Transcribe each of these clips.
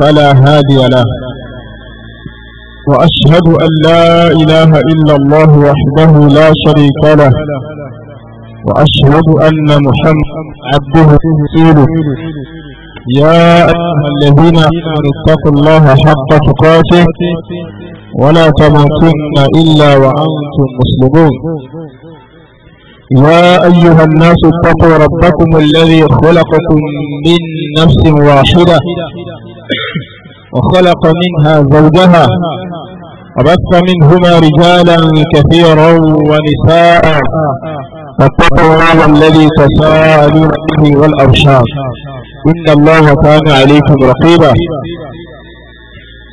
فلا هادي له وأشهد أن لا إله إلا الله وحده لا شريك له وأشهد أن محمد عبده رسوله يا أيها الذين آمنوا اتقوا الله حق تقاته ولا تموتن إلا وأنتم مسلمون يا أيها الناس اتقوا ربكم الذي خلقكم من نفس واحدة وخلق منها زوجها وبث منهما رجالا كثيرا ونساء فاتقوا الله الذي تساءلون به والأرشاد إن الله كان عليكم رقيبا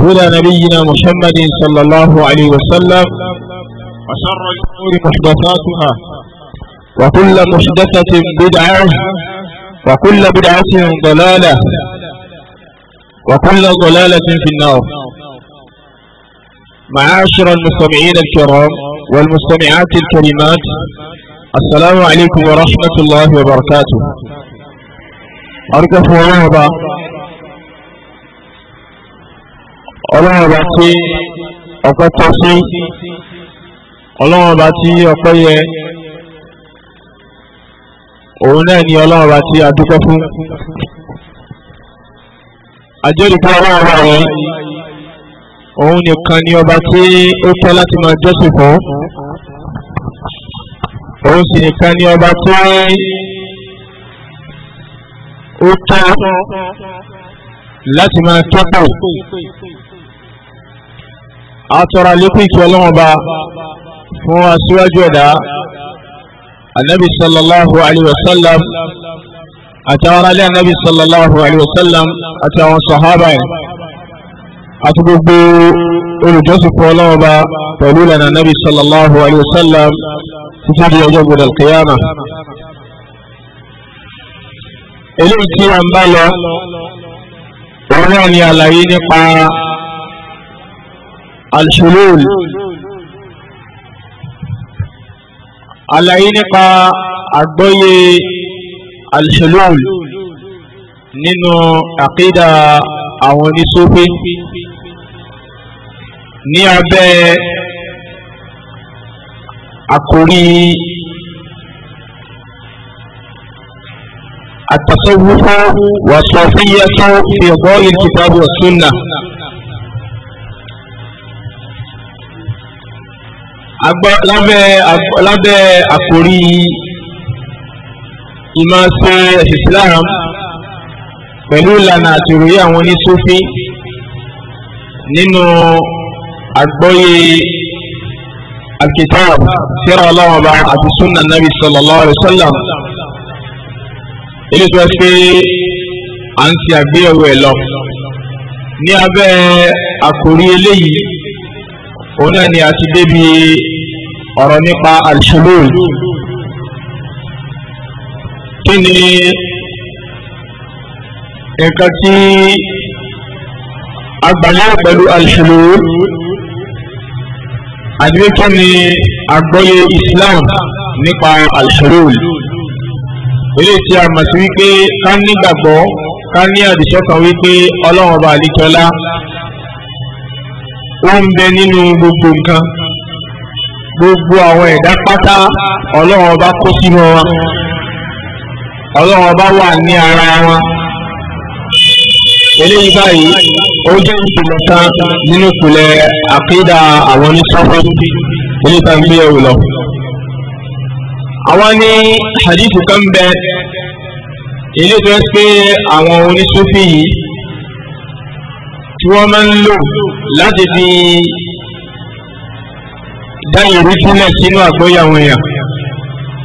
هدى نبينا محمد صلى الله عليه وسلم وشر الأمور محدثاتها وكل محدثة بدعة وكل بدعة ضلالة وكل ضلالة في النار معاشر المستمعين الكرام والمستمعات الكريمات السلام عليكم ورحمة الله وبركاته أرجو الله ọlọ́run ọba tí ọpẹ́ tọ́ sí ọlọ́run ọba tí ọpẹ́ yẹ òun náà ni ọlọ́run ọba tí a dúpẹ́ fún àjẹ́rìí pé ọlọ́run ọba rẹ̀ òun nìkan ni ọba tí ó tọ́ láti máa jọ́sìn fún òun sì nìkan ni ọba tí ó tọ́ láti máa tọ́pọ̀ àtọ́ra lékún ìkí ọlọ́wọ́n bá fún aṣíwájú ẹ̀dá anabi sallallahu alayhi wa sallam àti àwọn alẹ́ anabi sallallahu alayhi wa sallam àti àwọn sahaba ẹ̀ àti gbogbo olùjọ́sìn fún ọlọ́wọ́n bá pẹ̀lú ìlànà anabi sallallahu alayhi wa sallam títí di ọjọ́ gbọdọ̀ kìyàmà. eléyìí tí a bá lọ òun náà ni àlàyé nípa alṣulul àlàyé nípa àgbọ́yé alṣulul nínú àkídà àwọn oníṣòfin ní abẹ́ àkórí التصوف والصوفية في ضوء الكتاب والسنة lábẹ́ àforí ìmọ̀ ṣe Islam pẹ̀lú ìlànà àtòròyé àwọn oníṣúfí nínú àgbọ́yé alkitab tírà ọlọ́wọ́ bá àti sunna nabi sallallahu alayhi wa sallam ilé ìtura pé à ń ti àgbéyẹ̀wò ẹ̀ lọ ní abẹ́ àkòrí eléyìí òun náà ni a ti débi ọ̀rọ̀ nípa al-hulul kí ni nǹkan tí agbàlẹ́ pẹ̀lú al-hulul àdíwẹ́kẹ́ ni àgbọ́yé Islam nípa al-hulul ilé tí a mọ̀ sí wípé ká nígbàgbọ́ ká ní àdìsọ́kàn wípé ọlọ́run ọba àlíkẹ́lá ó ń bẹ nínú gbogbo nǹkan gbogbo àwọn ẹ̀dá pátá ọlọ́run ọba kó sínú wọn ọlọ́run ọba wà ní ara wọn eléyìí báyìí ó jẹ́ ìpìlẹ̀ kan nínú ìpìlẹ̀ àkídà àwọn oníṣọ́fọ́ eléyìí tá ń gbé ẹ̀wù lọ. àwọn ní hadith kan bẹ ilé tó ń pé àwọn oníṣòfì yìí tí wọ́n máa ń lò láti fi dá ìrú sílẹ̀ sínú àgbọ́yé àwọn èèyàn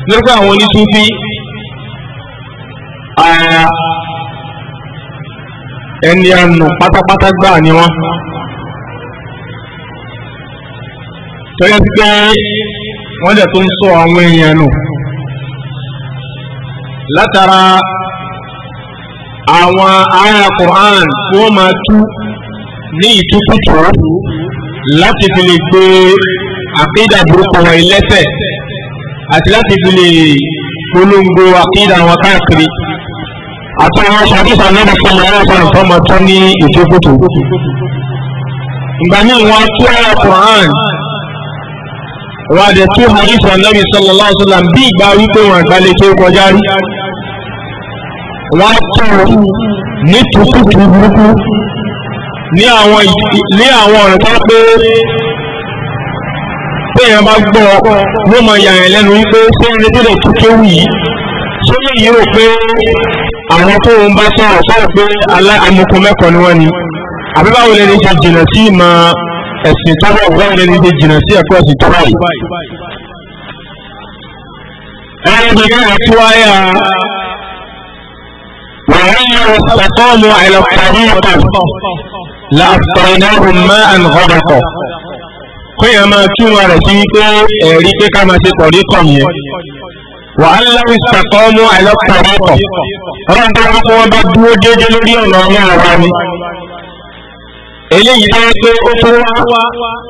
lórúkọ àwọn onísúfí ẹni ànù pátápátá gbà ni wọ́n tọ́yẹ́ pé wọ́n dẹ̀ tó ń sọ àwọn èèyàn nù látara àwọn àyà Qur'an tí wọ́n máa tú ní ìtúkùtù láti fi lè gbé àkídà burúkú wọn ẹlẹ́ṣẹ̀ àti láti fi lè polongo àkídà wọn káàkiri àtàwọn ṣàkóso ànábì fún ara fún àfọmọ tó ní ìjókòtò ìgbà míì wọn tú ara Quran wọn àdẹ tú hadith ànábì sallallahu alaihi wasallam bí ìgbà wípé wọn àgbálẹ̀ tó kọjá rí wọn tú ní tukutu burúkú ní àwọn ọ̀rọ̀ tó pé téèyàn bá gbọ́ ló mọ ìyá yẹn lẹ́nu wípé ṣé ẹni tó lè tún kéwù yìí ṣé lè yí rò pé àwọn tó ń bá sọ̀rọ̀ sọ̀rọ̀ pé amoko mẹ́kọ̀ọ́ ni wọ́n ni àbí báwo lè ní ṣe jìnnà sí ìmọ̀ ẹ̀sìn tó bá báwo lè ṣe jìnnà sí ẹ̀kọ́ ẹ̀sìn tó báyìí. ẹ̀rọ ìgbẹ́gẹ́ àti wáyà وإن استقاموا على الطريقة لأسقيناهم ماء kéèyàn máa túmọ̀ rẹ̀ sí wípé ẹ̀rí pé ká máa ṣe pọ̀rí kọ̀ yẹn wàhálà ìsàkọ́ mú àìlọ́pàá kọ̀ ọlọ́run tó wá kó wọ́n bá dúró déédéé lórí ọ̀nà ọ̀nà àwa ni eléyìí tó pé ó tó wá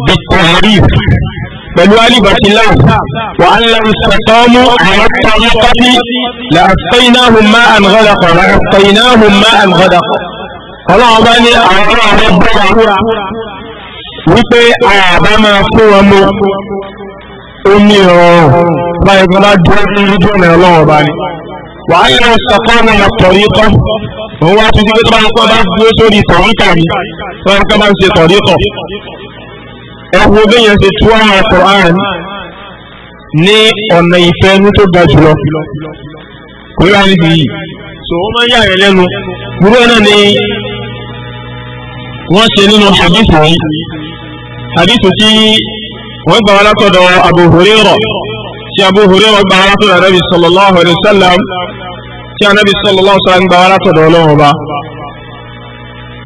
bìtàrí pẹ̀lú alìbàtílá wà aláwùsàtọ́mú àmọ́tàmọ́tàbí làásẹ́ináhùn má àmọ́dàkọ̀ làásẹ́ináhùn má àmọ́dàkọ̀ ọlọ́run bá ní àwọn ọmọ wípé àbá máa fún wọn mú omi ọ̀rọ̀ báyìí kan lájú lójú ọ̀nà ọlọ́wọ́ bá ní. wàhálà ìsọ̀kọ́nà yàtọ̀ yìí kọ́ òun wá títí pé tó bá ń kọ́ bá dúró sórí tọ̀ríkà mi tó bá ń kọ́ bá ń ṣe tọ̀ríkọ̀. ẹ wo bẹ́yẹn ṣe tú àwọn Al-Qur'an ní ọ̀nà ìfẹ́ inú tó ga jùlọ kò yára níbi yìí so ó máa ń yà rẹ̀ lẹ́nu gbúrú náà ni wọ́n ṣe nínú hadith hadithu tí wọ́n gbà wá látọ̀dọ̀ Abu Hurairah tí Abu Hurairah gbà wá látọ̀dọ̀ anabi sallallahu alayhi wa sallam tí anabi sallallahu alayhi wa sallam gbà wá látọ̀dọ̀ Ọlọ́run ọba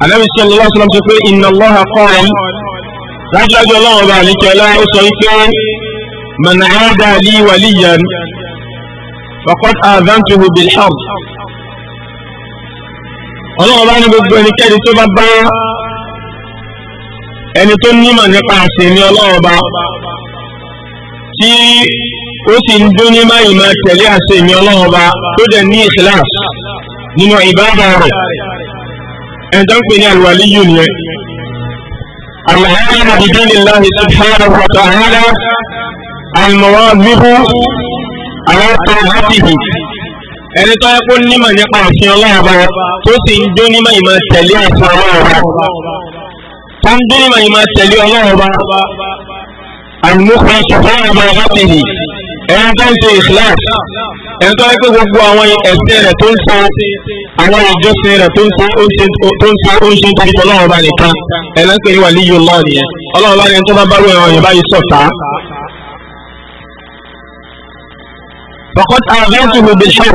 anabi sallallahu alayhi wa sallam sọ pé inna Allah qala lájúlájú Ọlọ́run ọba àlíkẹ́lá ó sọ wípé man aada li waliyan faqad aadhantuhu bil harb Ọlọ́run ọba ní gbogbo ẹnikẹ́ni tó bá bá ẹni tó nímọ̀ nípa àṣẹ ní ọlọ́run ọba tí ó sì ń dún ní máyì máa tẹ̀lé àṣẹ ní ọlọ́run ọba tó dẹ̀ ní ìṣìláàs nínú ìbáàbà rẹ̀ ẹni tó ń pè ní àlùwálí yìí nìyẹn. àlùwálí àbí dínì láti subhanahu wa ta'ala al-muwadhibu ala ta'atihi ẹni tó yẹ kó nímọ̀ nípa àṣẹ ọlọ́run ọba tó sì ń dún ní máyì máa tẹ̀lé àṣẹ ọlọ́run ọba tọ́ndúrú mà yìí máa tẹ̀lé ọlọ́run bá àmúkọ́ sọ̀tọ́ ọba ọ̀gáfìhì ẹni tó ń ṣe ìṣláàt ẹni tó ń pè gbogbo àwọn ẹ̀sìn rẹ̀ tó ń sọ àwọn ìjọsìn rẹ̀ tó ń sọ ó ń ṣe ó ń ṣe nítorí ọlọ́run bá nìkan ẹni tó ń pè ní wàlíyù lọ́ọ̀ nìyẹn ọlọ́run bá nìyẹn tó bá bárò ẹ̀rọ yẹn báyìí sọ̀tá. fọkọ́t àgbẹ̀ntùmù bẹ̀ṣọ́ọ̀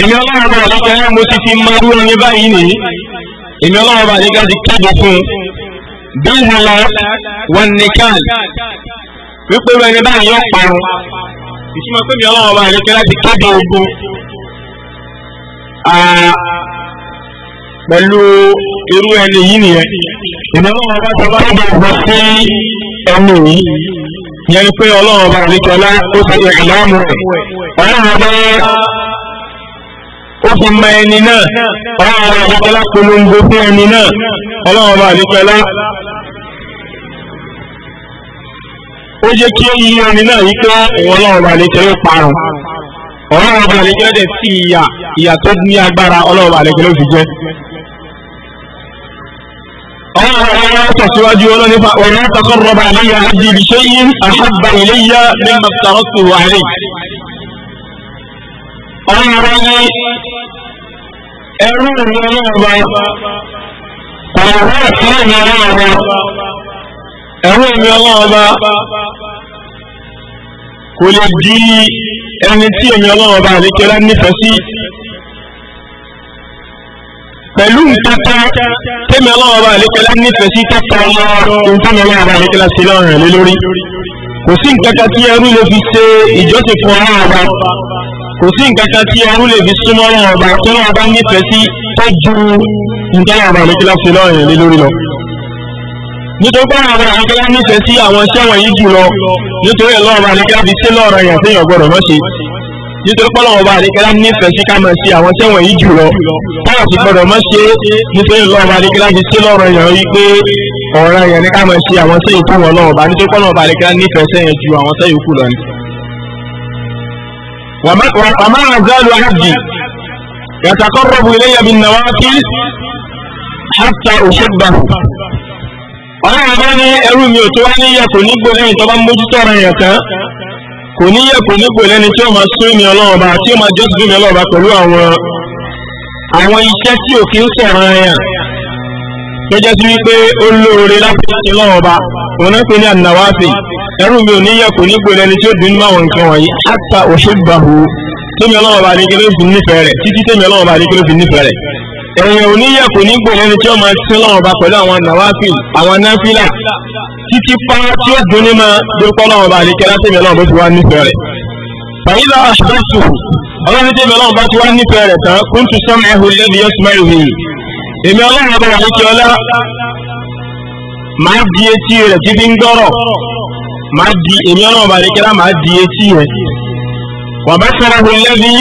èmi ọlọ́run bá wà lọ́kẹ́ mo ti fi máa èmi ọlọ́run bá nígbà tí kéde fún bíhùn lọ wọn nìkan wípé wọn ní báyìí yóò parun ìtumọ̀ pé mi ọlọ́run bá nígbà láti kéde ogun pẹ̀lú irú ẹni yìí nìyẹn èmi ọlọ́run bá sọ báyìí bá sí ẹnu yìí yẹn pé ọlọ́run bá nígbà ti ìlànà rẹ̀ ọlọ́run bá fi mọ ẹni náà ọlọ́run ọba àdìpẹ́lá polongo fún ẹni náà ọlọ́run ọba àdìpẹ́lá ó jẹ́ kí ó yí ẹni náà yí pé òun ọlọ́run ọba àdìpẹ́lá parun ọlọ́run ọba àdìpẹ́lá dẹ̀ sí ìyà ìyà tó ní agbára ọlọ́run ọba àdìpẹ́lá ó fi jẹ́ tẹ̀síwájú ọlọ́nípa ọ̀rọ̀ takọ́rọ̀bà àríyá àjí ibiṣẹ́ yìí àṣàbà iléyà ní mọ̀tàrọ́tù àrí. ọ̀rọ̀ ni ẹrú ìlú ọlọ́ọ̀ba ọ̀rọ̀ àti ìlú ọlọ́ọ̀ba ẹrú ìlú ọlọ́ọ̀ba kò lè di ẹni tí èmi ọlọ́ọ̀ba àlékẹ́lá nífẹ̀ẹ́ sí pẹ̀lú nǹkan tẹ́mi ọlọ́ọ̀ba àlékẹ́lá nífẹ̀ẹ́ sí tẹ́tọ́ ọlọ́ọ̀rọ̀ nǹkan ọlọ́ọ̀ba àlékẹ́lá sí lọ́rùn rẹ̀ lé lórí kò sí nǹkan kan tí ẹrú lè fi ṣe ìjọsìn fún ọlọ́ọ̀ba kò sí nǹkan kan tí ẹrú lè fi súnmọ́ lọ́wọ́ ọba tó náà bá nífẹ̀ẹ́ sí tó ju nǹkan àwọn àbàlẹ̀ kí láti lọ́rùn yẹn lé lórí lọ. nítorí pé àwọn àbàlẹ̀ kí láti nífẹ̀ẹ́ sí àwọn iṣẹ́ wọ̀nyí jù lọ nítorí ẹ̀lọ́ ọba àlẹ́ kí láti sí lọ́ọ̀rọ̀ yẹn tí èèyàn gbọ́dọ̀ mọ́ṣe. nítorí pé ọlọ́wọ́ ọba àlẹ́ kí láti nífẹ̀ẹ́ sí ká máa ṣe àwọn iṣẹ́ wọ̀nyí jù lọ táwọn ti gbọ́dọ̀ mọ́ṣe nítorí ẹ̀lọ́ ọba àlẹ́ kí láti sí lọ́ọ̀rọ̀ yẹn yí pé ọ̀rọ̀ yẹn ni وما أزال عبدي يتقرب إلي بالنوافل حتى أحبه ọlọ́run bá ní ẹrú mi ò tó wá níyẹ kò ní gbòlẹ́ ní tọ́ba mójútó ọ̀rọ̀ yẹn tán kò níyẹ kò ní gbòlẹ́ ní tí ó máa sún mi ọlọ́run bá tí ó máa jọ́sìn mi ọlọ́run bá pẹ̀lú àwọn iṣẹ́ tí ò kí ń sọ̀rọ̀ yẹn tó jẹ́ sí wípé ó lóore láti ṣe lọ́wọ́ ọba òun náà pé ní ànàwáfì ẹrú mi ò ní yẹ kò ní gbèrè ẹni tí ó dùn máwọn nǹkan wọ̀nyí àtà òṣèbàhù tèmi ọlọ́wọ́ ọba ní kíló fi nífẹ̀ẹ́ rẹ̀ títí tèmi ọlọ́wọ́ ọba ní kíló fi nífẹ̀ẹ́ rẹ̀ ẹ̀yìn ò ní yẹ kò ní gbèrè ẹni tí ó máa ṣe lọ́wọ́ ọba pẹ̀lú àwọn ànàwáfì àwọn náfìlà títí pa tí ó dùn ní máa dúpọ́ lọ́wọ́ ọba ní kílá tèmi ọlọ́wọ́ bó ti wá nífẹ̀ẹ́ rẹ̀ fàyílà àṣàṣù ọlọ́run tèmi èmi ọlọ́run ọba àríkí ọlá máa di etí rẹ̀ tí fi ń gbọ́rọ̀ máa di èmi ọlọ́run ọba àríkí máa di etí rẹ̀ wà bá sára hu lẹ́bí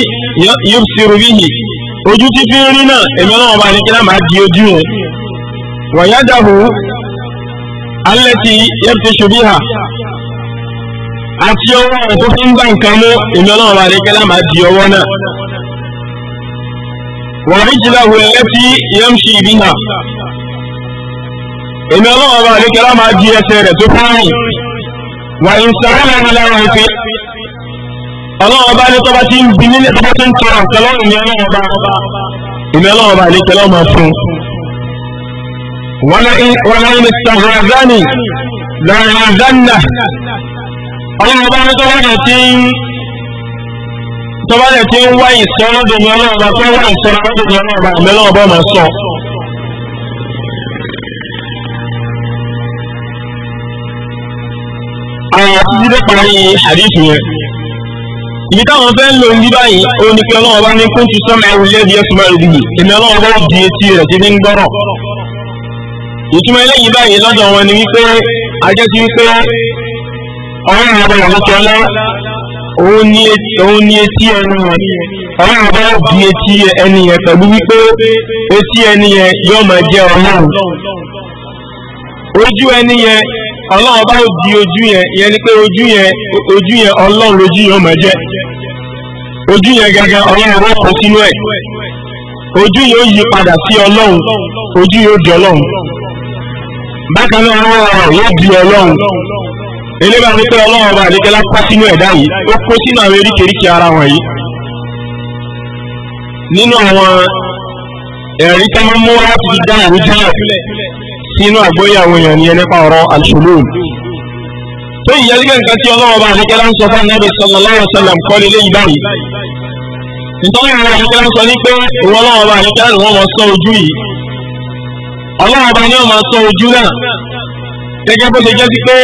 yóò fi rú bíyì ojú tí rí náà èmi ọlọ́run ọba àríkí máa di ojú rẹ̀ wà yá dàbò alẹ́ ti yẹ́ fi ṣubí hà àti ọwọ́ ọ̀hún tó fi ń gbà nǹkan mú èmi ọlọ́run ọba àríkí máa di ọwọ́ náà wàríjìláhù lẹ́tí yẹ́mṣì ìbíhà èmi ọlọ́wọ́ bá àlékẹ́ lá máa di ẹsẹ̀ rẹ̀ tó fáàrì wà ní sàrẹ́lẹ̀ ní lára ìfẹ́ ọlọ́wọ́ bá ní tọ́ba tí ń bi nílẹ̀ tọ́ba tí ń tọrọ àtẹlọ́rùn ní ọlọ́wọ́ bá èmi ọlọ́wọ́ bá àlékẹ́ lá máa fún wọn ní sàrẹ́zánì lára ìzánà ọlọ́wọ́ bá ní tọ́ba tí ń tọ́ba lẹ̀ tí ń wá ìsọ́nà dòmí ọlọ́run bá fẹ́ wá ìsọ́nà dòmí ọlọ́run bá àmẹ́lọ́ ọba máa sọ. àwọn àtúntí tó parí hadith yẹn ibi táwọn fẹ́ ń lò ní báyìí ó ní pé ọlọ́run bá ní kó ti sọ́mọ ẹrù lẹ́bi ẹ̀sùn mẹ́rin dìgbì èmi ọlọ́run bá di etí rẹ̀ ti ní ń gbọ́rọ̀ ìtumọ̀ eléyìí báyìí lọ́dọ̀ wọn ni wípé ajẹ́ ti wípé ọ̀rẹ́ ìrìnàbọ̀ làwọn kẹ́lẹ́ òun ni etí ẹni yẹn ọlọ́run bá di etí ẹni yẹn pẹ̀lú wípé etí ẹni yẹn yóò máa ojú ẹni yẹn ọlọ́run bá di ojú yẹn yẹn ni pé ojú yẹn ojú yẹn ọlọ́run lójú ojú yẹn ọlọ́run bá kọ sínú ojú yí padà sí ọlọ́run ojú di ọlọ́run bákan náà ọlọ́run yóò di eléba ní pé ọlọ́run ọba àdékẹ́lá pa sínú ẹ̀dá yìí ó kó sínú àwọn eríkèríkè ara wọn yìí nínú àwọn ẹ̀rí tí a mú láti fi dá àrùjá sínú àgbóyè àwọn èèyàn ní ẹlẹ́pà ọ̀rọ̀ al-hulul tó yìí yẹ́lẹ́gbẹ̀ nǹkan tí ọlọ́run ọba àdékẹ́lá ń sọ fún Ànábì sallallahu alaihi wasallam kọ́ lé léyìí báyìí nítorí àwọn àdékẹ́lá sọ ní pé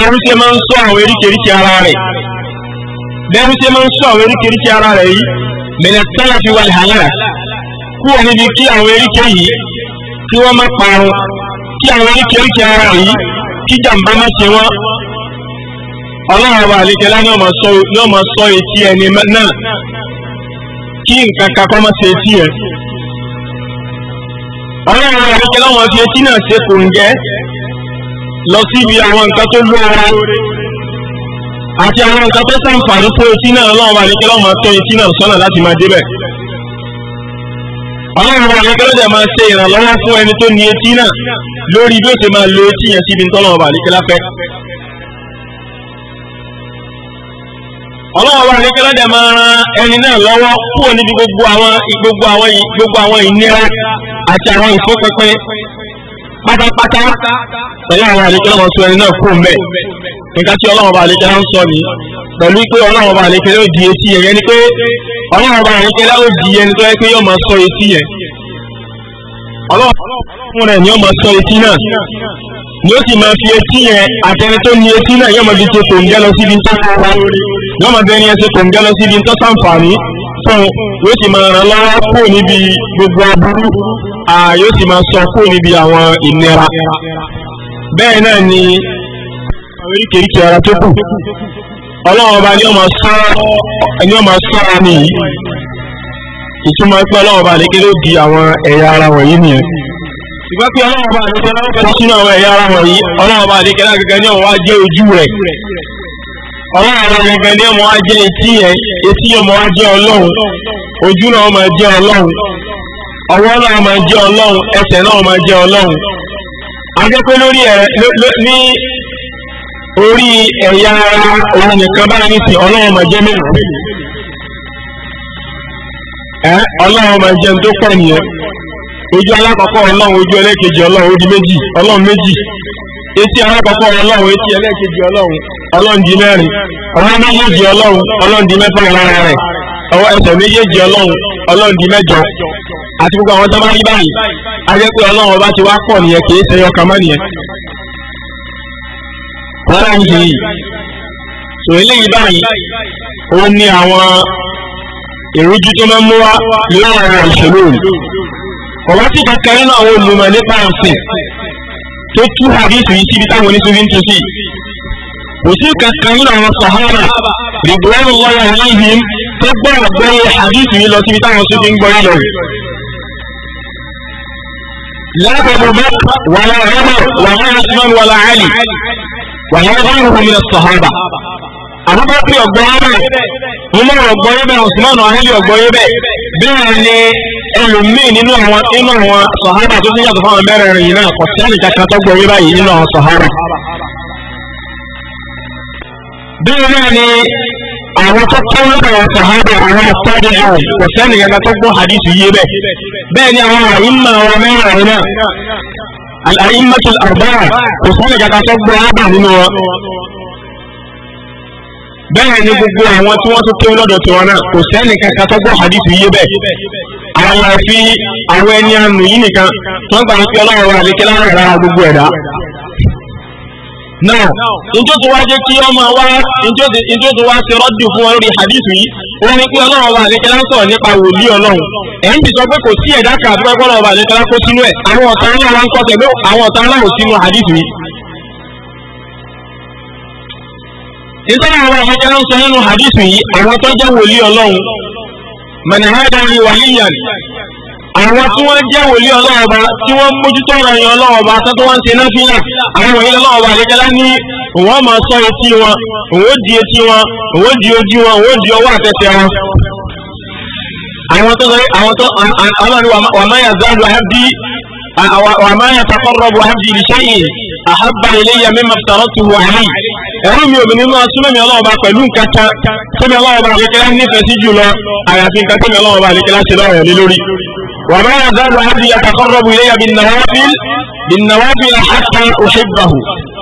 ẹ̀rú ṣe máa ń sọ àwọn eríkèríkè ara rẹ̀ bẹ́ẹ̀rú máa ń sọ àwọn eríkèríkè ara rẹ̀ yìí tẹ́lẹ̀ fi wà lẹ́hàlẹ́rà kú wọn níbi kí àwọn eríkè yìí kí wọ́n má parun kí àwọn eríkèríkè ara yìí kí jàǹbá má ṣe wọ́n ọlọ́run ọba àlekẹ́lá sọ etí ẹni náà kí nǹkan má etí ọlọ́run lọ sí ibi àwọn nǹkan tó lóore àti àwọn nǹkan tó sàǹfààní fún etí náà lọ́wọ́ bá nìkẹ́ lọ́wọ́ tó etí náà sọ́nà láti máa débẹ̀. ọlọ́run bá nìkẹ́ lọ́dẹ̀ máa ṣe ìrànlọ́wọ́ fún ẹni tó ní etí náà lórí bí ó ṣe máa lo etí yẹn síbi tọ́lọ́wọ́ bá nìkẹ́ láfẹ́. ọlọ́run bá nìkẹ́ lọ́dẹ̀ máa ran ẹni náà lọ́wọ́ kúrò níbi gbogbo àwọn gbogbo àwọn ìnira àti àwọn ìfọ́pẹ́pẹ́ pátápátá pẹ̀lú àwọn àlejò ọmọ sọ ẹni náà fún mẹ́ nǹkan tí ọlọ́run bá àlejò ń sọ ni pẹ̀lú pé ọlọ́run bá àlejò yóò di etí yẹn ni pé ọlọ́run bá àlejò yóò di ẹni tó yẹ pé yóò máa sọ etí yẹn ọlọ́run fún rẹ̀ ni yóò máa sọ etí náà yóò sì máa fi etí yẹn àtẹni tó ní etí náà yóò máa fi ṣe kòǹgá lọ síbi tó sára yóò máa fi ẹni yẹn ṣe kòǹgá lọ síbi tó sàǹfààní fún yóò sì máa ràn lọ́wọ́ kúrò níbi gbogbo aburú yóò sì máa sọ kúrò níbi àwọn ìnira bẹ́ẹ̀ náà ni àwọn oríkèéríkè ara tó kù ọlọ́run ọba ni ó máa sọ ni ìtumọ̀ pé ọlọ́run ọba àlékelé ó di àwọn ẹ̀yà ara wọ̀nyí nìyẹn. ìgbà pé ọlọ́wọ́ bá àdékẹ́ ọlọ́wọ́ kan sínú àwọn ẹ̀yà ara wọ̀nyí ọlọ́wọ́ bá àdékẹ́ ní ọ̀wọ́ ajé ojú rẹ̀ ọlọ́wọ́ bá ní ọmọ ajé etí yẹn etí ọmọ ajé ọlọ́run ojú náà ọlọ́run ọwọ́ náà ọlọ́run ẹsẹ̀ náà ọlọ́run lórí ní orí ẹ̀yà ara òun nìkan bá ní ojú alákọ̀ọ́kọ́ ọlọ́run ojú ẹlẹ́kejì ọlọ́run ó di méjì ọlọ́run méjì etí alákọ̀ọ́kọ́ ọlọ́run etí ẹlẹ́kejì ọlọ́run ọlọ́run di mẹ́rin ọwọ́ méjèèjì ọlọ́run ọlọ́run di mẹ́fà lára rẹ̀ ọwọ́ ẹsẹ̀ méjèèjì ọlọ́run ọlọ́run di mẹ́jọ àti gbogbo àwọn tọ́mọ́ rí báyìí a jẹ́ pé ọlọ́run ọba ti wá pọ̀ nìyẹn kì í ṣe ọkàn nìyẹn. rárá ọ̀wá sì kankan nínú àwọn olùmọ̀ nípa ẹ̀sìn tó tú àdísù yìí síbi táwọn oníṣòwò ń tu sí kò sí kankan nínú àwọn sàhábà rìbùrẹ́rù lọ́yà aláìhìm tó gbọ́ àgbọ́yé àdísù yìí lọ síbi táwọn oníṣòwò ń gbọ́ yìí lọ. lábàbà bá wàlá ọmọ wàlá ọmọ wàlá àlì wàlá ọmọ ìhùwà sàhábà àbúbákì ọ̀gbọ́n bẹ́ẹ̀ umar ọ̀gbọ́n bẹ́ẹ̀ usman ahẹ́lì ọ̀gbọ́n bẹ́ẹ̀ bẹ́ẹ̀ ni ẹlòmíì nínú àwọn nínú àwọn sọ̀hábà tó ti yàtọ̀ fáwọn mẹ́rẹ̀ẹ̀rin yìí náà kò sí àlè kankan tó gbọ́ yíba yìí nínú àwọn sọ̀hábà. bẹ́ẹ̀ náà ni àwọn tó kọ́ lọ́dọ̀ àwọn sọ̀hábà àwọn ọ̀pọ̀dé àwọn kò sí àlè kankan tó gbọ́ hadith yìí bẹ́ẹ̀ bẹ́ẹ̀ ni àwọn àwọn mẹ́rẹ̀ẹ̀rin náà àyínmá tó àrùbá kò bẹ́ẹ̀ ni gbogbo àwọn tí wọ́n tún kí ọlọ́dọ̀ tí wọn náà kò sẹ́ni kankan tó gbọ́ hadith yé bẹ́ẹ̀ àwọn àfi àwọn ẹni àánú yìí nìkan tó ń gbà ń fi ọlọ́run wa àlékè láwọn ará gbogbo ẹ̀dá. náà njó tó wá jẹ́ kí ọmọ wa njó tó wá ṣe rọ́dù fún wọn lórí yìí ní pé nítorí àwọn àfẹ́kẹ́ ń sọ nínú hadith yìí àwọn tó jẹ́ wòlíì ọlọ́run mẹ̀nìhádà ni wàhíyàn àwọn tí wọ́n jẹ́ wòlíì ọlọ́run ọba tí wọ́n mójútó ọ̀rọ̀ yẹn ọlọ́run ọba tó tó wọ́n ń ṣe náà fílà àwọn wòlíì ọlọ́run ọba àlejẹ́lá ní òun máa sọ etí wọn òun di etí wọn òun di ojú wọn òun di ọwọ́ àtẹsẹ̀ wọn. àwọn tó sọ àwọn tó ọlọ́run wà máa yà záàlù àbí wà máa yà takọ́rọ̀ bu àbí ìṣẹ́yìn àhábà ilayya mimma aftaratuhu alayhi ẹ̀rú mi òmìnir náà súnmọ́ mi ọlọ́run bá pẹ̀lú nǹkan kan tẹ́mi ọlọ́run bá àlékelá nífẹ̀ẹ́ sí jùlọ àyàfi nǹkan tẹ́mi ọlọ́run bá àlékelá ṣe lọ́rọ̀ yẹn lé lórí. wà á máa dábò àbí yàtàkọ́rọ̀bù iléyà bí nàwábí àhàtà òṣèbàhù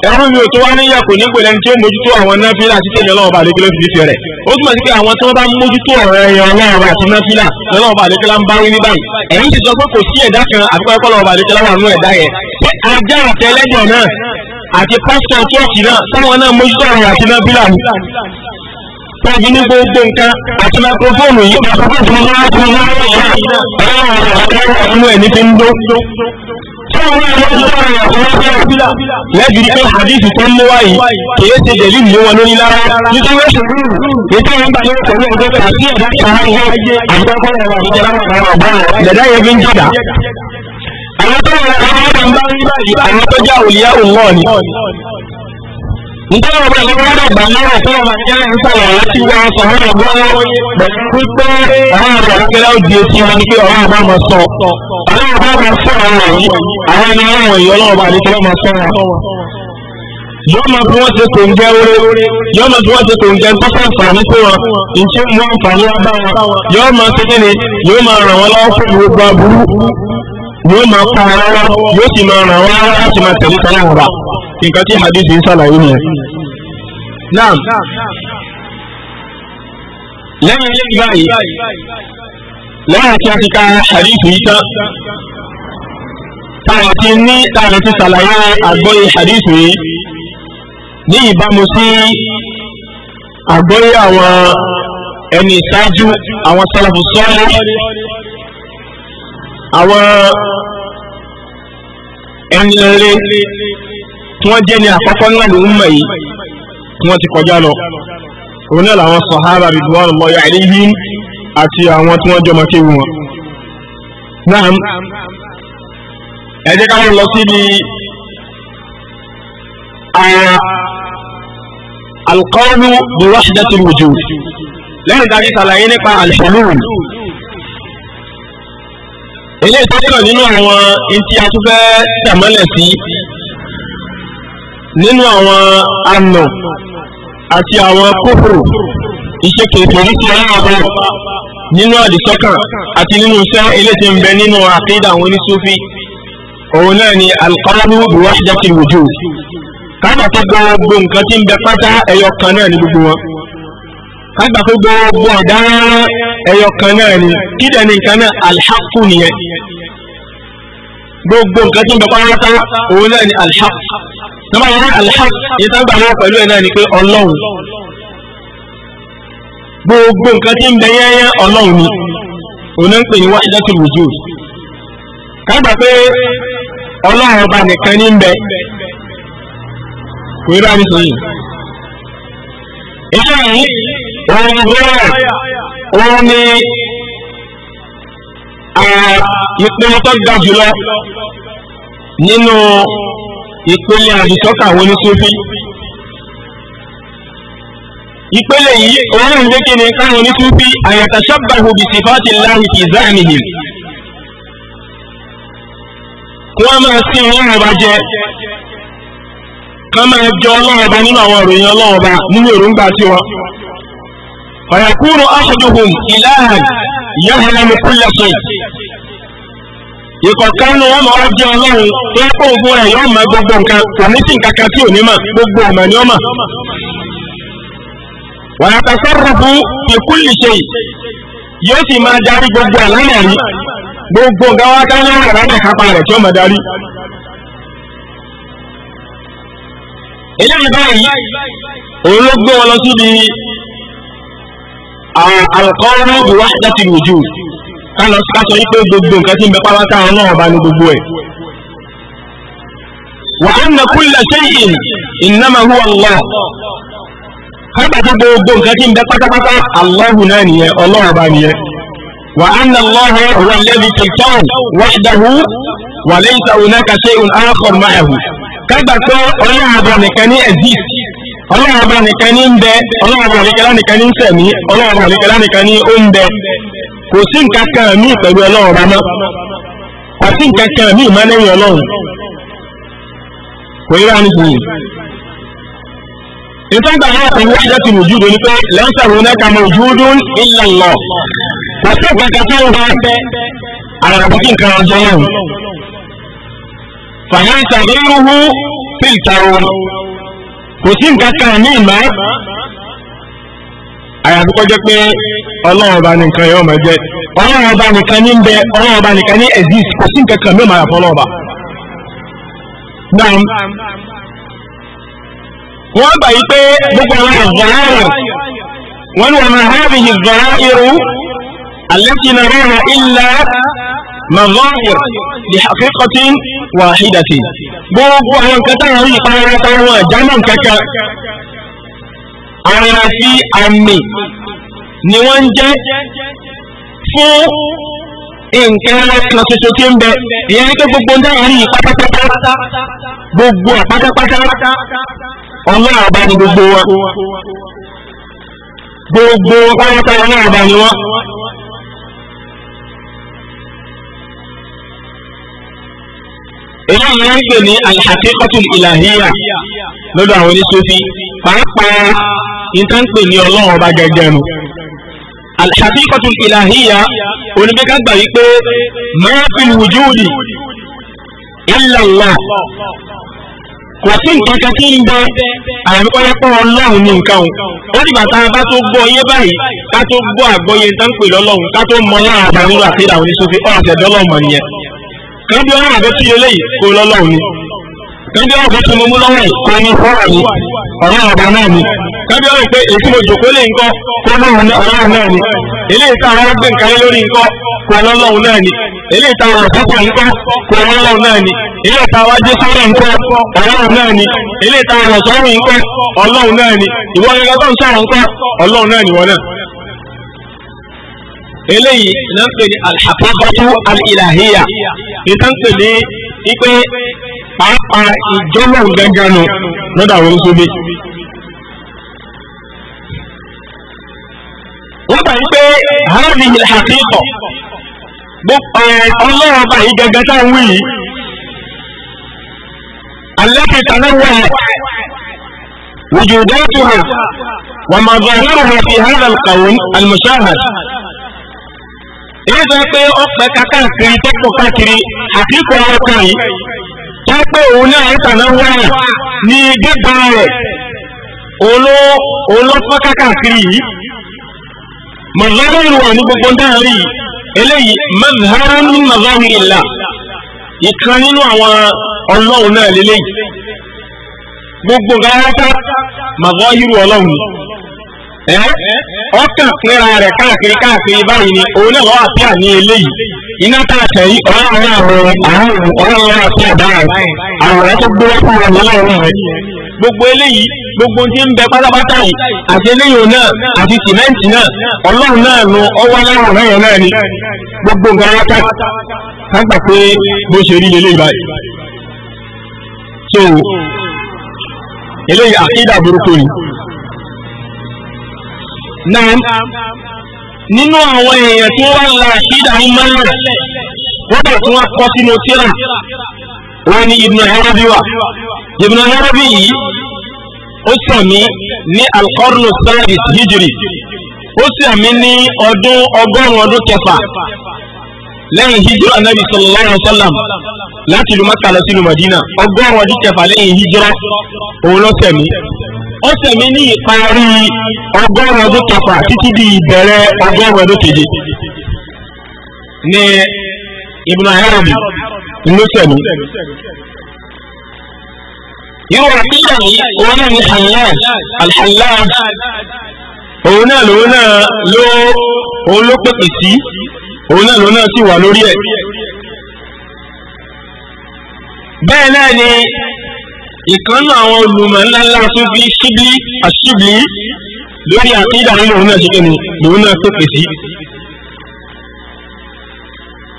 ẹ̀rú mi ò tó wá níyà kò ní gbèlẹ́ ní tí ó mójútó àwọn náfìlà àti tẹ́mi ọlọ́run bá àlékelá fi fẹ́ rẹ̀ ó túmọ̀ sí pé àwọn tí bá mójútó ọ̀rọ̀ ẹ̀yàn àti pásítọ̀ kíọ̀kì náà táwọn náà mójútó àwọn àti nábìlà ni tọ́jú ní gbogbo nǹkan àti máikrófóònù yìí lẹ́bi pé hadith tó ń mú wáyé kìí ṣe dẹ̀lí ìlú wọn lórí lára nítorí ètò ìwọ̀n bá lórí pẹ̀lú ọjọ́ pé àti ẹ̀dá ṣáájú àgbẹ̀kọ́ ẹ̀rọ àbújá láwọn ọ̀gbọ́n ẹ̀dá yẹn fi ń jọ̀dá. àwọn tó ń tí ń bá rí báyìí àwọn tó já òlìyá òmò ni. Nítorí ọ̀pọ̀ ìlú gbọ́dọ̀ gbà lọ́rọ̀ tó wà ní ẹ̀rọ ìsàlọ̀ láti wá sọ àwọn ọ̀gbọ́n pẹ̀lú pípẹ́ àwọn ọ̀rọ̀ akẹ́lẹ́ òdi etí wọn ni pé ọ̀rọ̀ àbá máa sọ. Àwọn ọ̀rọ̀ àbá máa sọ àwọn ọ̀rọ̀ yìí, àwọn ẹni ọ̀rọ̀ yìí ọlọ́ọ̀bá àdékẹ́lẹ́ máa sọ wọn yóò máa fi wọ́n ṣe kò ń jẹ́ oore yóò máa fi wọ́n ṣe kò ń jẹ́ tọ́ka àǹfààní sí wọn ìṣe mú àǹfààní wá bá wọn yóò máa ṣe kíni yóò máa ràn wọ́n lọ́wọ́ fún gbogbo aburú yóò máa kọ́ ọ lọ́wọ́ yóò sì máa ràn wá láti máa tẹ̀lé tọ́lá ọ̀rà nǹkan tí hadith ń ṣàlàyé nìyẹn. naam lẹ́yìn ilé báyìí lẹ́yìn tí a ti ka hadith yìí tán táwọn ti ní táwọn ti ṣàlàyé àgbọ́yé hadith yìí ní ìbámu sí àgbọ́yé àwọn ẹni ìṣáájú àwọn sálàfù sọ́ọ́lẹ́ àwọn ẹni rere tí wọ́n jẹ́ ní àkọ́kọ́ ńlá ní umma yìí tí wọ́n ti kọjá lọ òun náà làwọn sàhábà ridwanullahi alaihim àti àwọn tí wọ́n jọmọ kéwù wọn. náà ẹ jẹ́ ká lọ síbi alqawlu bi wahdatil wujud lẹ́yìn dájú sàlàyé nípa alhulul eléyìí tó kàn nínú àwọn ntí a tún fẹ́ tẹ̀mọ́lẹ̀ sí nínú àwọn àna àti àwọn kókòrò iṣẹ́ kékeré tí wọ́n wà nínú àdìsọ́kàn àti nínú iṣẹ́ eléyìí tí ń bẹ nínú àkéde àwọn oníṣòfì òun náà ni alqabu biwahdatil wujud káàkiri gbogbo nǹkan tí ń bẹ pátá ẹyọ kan náà ní gbogbo wọn kágbà pé gbogbo ọ̀dá ẹyọ kan náà ni kí dẹ̀ ní nǹkan náà alhaqqu nìyẹn gbogbo nǹkan tó ń bẹ pátá òun náà ni alhaq nígbà wọn alhaq yìí tán gbà wọn pẹ̀lú ẹ̀ náà ni pé ọlọ́run gbogbo nǹkan tí ń bẹ yẹ́yẹ́ ọlọ́run ni òun náà ń pè ní wahdatul wujud kágbà pé ọlọ́run ọba nìkan ní bẹ kò rí bá mi sọ yìí òun bẹ́ẹ̀ òun ni ìpinnu tó ga jùlọ nínú ìpele àdìsọ́kà àwọn oníṣòfì ìpele yìí òun ìwé kíni káwọn oníṣòfì àyàtàṣàbàhù bí sífàtì láhì fi záàmìhì wọ́n máa sí ọlọ́run ọba jẹ kán máa jọ ọlọ́run ọba nínú àwọn ìròyìn ọlọ́run ọba nínú èròǹgbà tiwọn. فيكون أحدهم إلها يهلم كل شيء ìkọ̀kan ni wọ́n máa jẹ́ ọlọ́run tó kó ogun rẹ̀ yóò mọ gbogbo nǹkan kò ní sí nǹkan kan tí ò ní mọ̀ gbogbo ọ̀mọ̀ ni ó mọ̀. wọ́n yàtọ̀ sọ́rọ̀ fún yóò sì máa darí gbogbo ẹ̀ yìí gbogbo nǹkan wá ká ní ọ̀rọ̀ rẹ̀ tí ó máa darí. eléyìí báyìí òun ló gbé wọn lọ síbi àlùkọ́rù ìwà láti rùjú kálọ sọ wípé gbogbo nǹkan tí ń bẹ pátá àwọn náà bá ní gbogbo ẹ̀. wà á nà kúlẹ̀ ṣéyìn ìnáma hu Allah kábà tí gbogbo nǹkan tí ń bẹ pátápátá Allahu náà nìyẹn ọlọ́run bá nìyẹn. wà á nà lọ́hùn wà lẹ́bi tẹ̀tọ́n wà ìdáhù wà lẹ́yìn sàwọn náà kà ṣéyìn ààkọ̀ máa hù kábà tó ọlọ́run bá nìkan ní exist ọlọ́run ọba nìkan ní ń bẹ ọlọ́run ọba nìkan nìkan ní ń sẹ̀mí ọlọ́run ọba nìkan nìkan ní ó ń bẹ kò sí nǹkan kan mí pẹ̀lú ọlọ́run ọba mọ́ kò sí nǹkan kan mí má lẹ́yìn ọlọ́run kò yíra ní sùn. ìtàn gbà náà kò wáyé ti rò júdò ní pé lẹ́sẹ̀ náà kà mọ òjúdò illa kò sí nǹkan kan tó ń bẹ àràbọ̀ nǹkan ọjọ́ náà. fàyẹ̀nsà kò sí nǹkan kan ní ìmọ̀ àyàfi kọjá pé ọlọ́run ọba nìkan yóò máa jẹ ọlọ́run ọba nìkan ní bẹ ọlọ́run ọba nìkan ní exist kò sí nǹkan kan mẹ́wàá àyàfi ọlọ́run ọba. naam wọ́n gbà yí pé gbogbo àwọn ìzọ̀rọ̀ wọ́n ní wọ́n máa hábìyì ìzọ̀rọ̀ irú alẹ́ kìnnà rẹ̀ ilẹ̀ mazahir li haqiqatin wahidatin gbogbo àwọn nǹkan táwọn yìí pàrọ̀ táwọn àjámọ̀ kankan ara sí àmì ni wọ́n ń jẹ́ fún nǹkan kan ṣoṣo tí ń bẹ ìyẹn ní pé gbogbo táwọn yìí pátápátá gbogbo àpátápátá èyí ni wọ́n ń pè ní alhaqiqatul ilahiyya lọ́dọ̀ àwọn oníṣòfì pàápàá nǹkan pè ní ọlọ́run ọba gẹ́gẹ́ nu alhaqiqatul ilahiyya oníbẹ́ká gbà wípé ma fil wujudi illa Allah kò sí nǹkan kan tí ń bẹ àyàmíkọ́yẹ́pọ̀ ọlọ́run ní nǹkan o ó dìgbà tá a bá tó gbọ́ iye báyìí ká tó gbọ́ àgbọ́yé nǹkan lọ́lọ́run ká tó mọ láàbà nínú àfihàn oníṣòfì ọ̀rọ̀ àtẹ̀dọ́lọ́mọ nìyẹn kan bí ọ̀rọ̀ àbẹ́sí eléyìí kó lọ́lọ́run ni kan bí ọ̀rọ̀ àbẹ́sí mo mú lọ́wọ́ yìí kó ní fọ́ọ̀rọ̀ mi ọ̀rọ̀ àbá náà ni kan bí ọ̀rọ̀ pé èyí mo jòkó lè ń kọ́ kó lọ́run ọ̀rọ̀ náà ni eléyìí tá àwọn gbé nǹkan lórí nǹkan kó lọ́lọ́run náà ni eléyìí tá àwọn àbúkọ̀ nǹkan kó lọ́lọ́run náà ni eléyìí tá àwọn ajé sọ́rọ̀ nǹkan ọlọ́run náà ni eléyìí tá àwọn ọ̀sọ́rọ̀ nǹkan ọlọ́run náà ni ìwọ eléyìí náà ń pè ní alhàkọ́kọ́tù alìlàhíyà nǹkan pè ní wípé pàápàá ìjọba ìgbàgànù lọ́dọ̀ àwọn oníṣòwò. wọ́n bá yí pé hàrẹ́bì ìlàkíkọ̀ ọlọ́run bá yí gẹ́gẹ́ tá à wí yìí alẹ́kẹ̀ẹ́ tán náà wọ̀ وجوداتها ومظاهرها في هذا القول المشاهد èyí sọ pé ọpẹ kákàkiri tẹpọ káàkiri àtìkọ ọkọ yìí wọn pé òun náà ń tàná wáyà ní gbẹgbẹ rẹ olo olọpọ kákàkiri yìí mọ̀lẹ́rìn wà ní gbogbo dáhàrí eléyìí mọ̀lẹ́rìn ní mọ̀lẹ́rìn ìlà ìkan nínú àwọn náà gbogbo ọkàn ka rẹ káàkiri káàkiri báyìí ni òun náà wà pí àní eléyìí iná tààtà yìí ọlọ́run àwọn àrùn ọlọ́run àti àdáhà àwọn ọ̀rẹ́ tó gbé wọ́pọ̀ wọn lọ́rùn rẹ̀ gbogbo eléyìí gbogbo tí ń bẹ pátápátá yìí àti eléyìí náà àti sìmẹ́ǹtì náà ọlọ́run náà ọwọ́ aláwọ̀ gbogbo nǹkan wọn ká gbà pé bó ṣe rí eléyìí náà nínú àwọn èèyàn tí wọ́n la ṣídà mọ́lẹ̀ wọ́n bẹ̀ tí wọ́n kọ́ sínú tíra wọ́n ní Ibn Arabi wà Ibn Arabi yìí ó ní ó ní ọdún ọgọ́rùn-ún ọdún kẹfà lẹ́yìn hijira sallallahu alayhi wa sallam láti Madina ọgọ́rùn-ún ọdún kẹfà lẹ́yìn hijira òun ó sẹ̀mí ní ìparí ọgọ́rùn-ún ọdún kẹfà títí di ìbẹ̀rẹ̀ ọgọ́rùn-ún ọdún keje ní Ibn Arabi ló sẹ̀mí. irú àkíyà yìí òun náà ní Hallaj Al-Hallaj òun náà lòun náà ló òun ló pèpè sí òun náà lòun náà sì wà lórí ẹ̀. bẹ́ẹ̀ náà ni ìkànnà àwọn olùmọ̀ ńláńlá tó fi ṣíbí àṣíbí lórí àkídà nínú òun náà ṣe kẹ́ni lòun náà pèpè sí.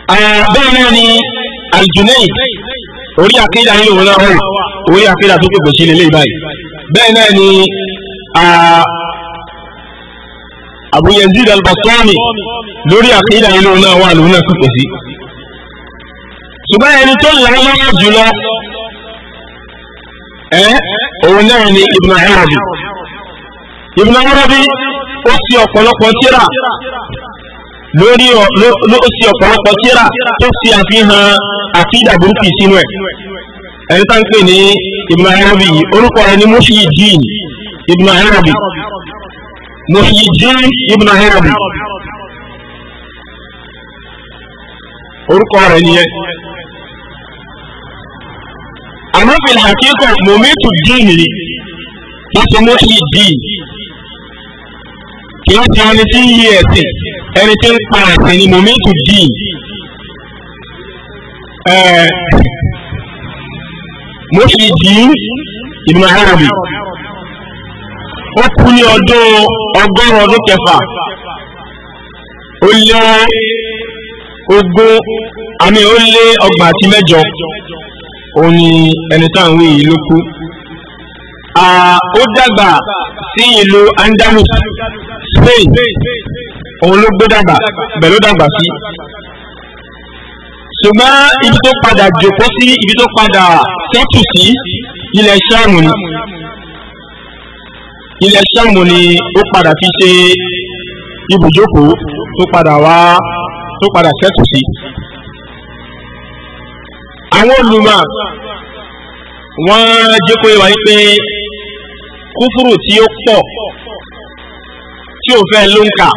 bẹ́ẹ̀ náà ni aljunaid orí àkídà nínú òun náà wà orí àkídà tó pèpè sí lélẹ́yìí báyìí bẹ́ẹ̀ náà ni Abu Yazid lórí àkídà nínú òun náà wà lòun náà pèpè sí. ṣùgbọ́n ẹni tó lànà jùlọ Eh? òun náà ni Ibn Arabi Ibn ó sì ọ̀pọ̀lọpọ̀ tírà lórí ọ sì ọ̀pọ̀lọpọ̀ tírà tó fi àfihàn àkídà burúkú sínú ẹ̀ ẹni tá ń pè ní Ibn Arabi orúkọ rẹ̀ ni Muhyiddin Ibn Arabi Muhyiddin Ibn Arabi orúkọ nìyẹn. àmọ́ fi làkíkọ̀ mọ̀mẹ́tù dín ni láti mú kí dín kí wọ́n ti ẹni tí ń yí ẹ̀sìn ẹni tí ń pa ẹ̀sìn ni mọ̀mẹ́tù dín. mo fi dín ìmọ̀ arábì ó kú ní ọdún ọgọ́rùn-ún ọdún kẹfà ó lé ogún àmì ó lé ọgbà àti mẹ́jọ òun ni ẹni tá à ń wí yìí ló kú. ó dàgbà sí ìlú Andalus Spain òun ló gbé dàgbà bẹ́ẹ̀ ló dàgbà sí. ṣùgbọ́n ibi tó padà jòkó sí ibi tó padà tẹ́tù sí ilẹ̀ Ṣáàmù ni ilẹ̀ Ṣáàmù ni ó padà fi ṣe ibùjókòó tó padà wá tó padà tẹ́tù sí. àwọn olùmọ̀ wọ́n jẹ́ kó yẹ wáyé kúfúrù tí ó pọ̀ tí ó fẹ́ ló ń kà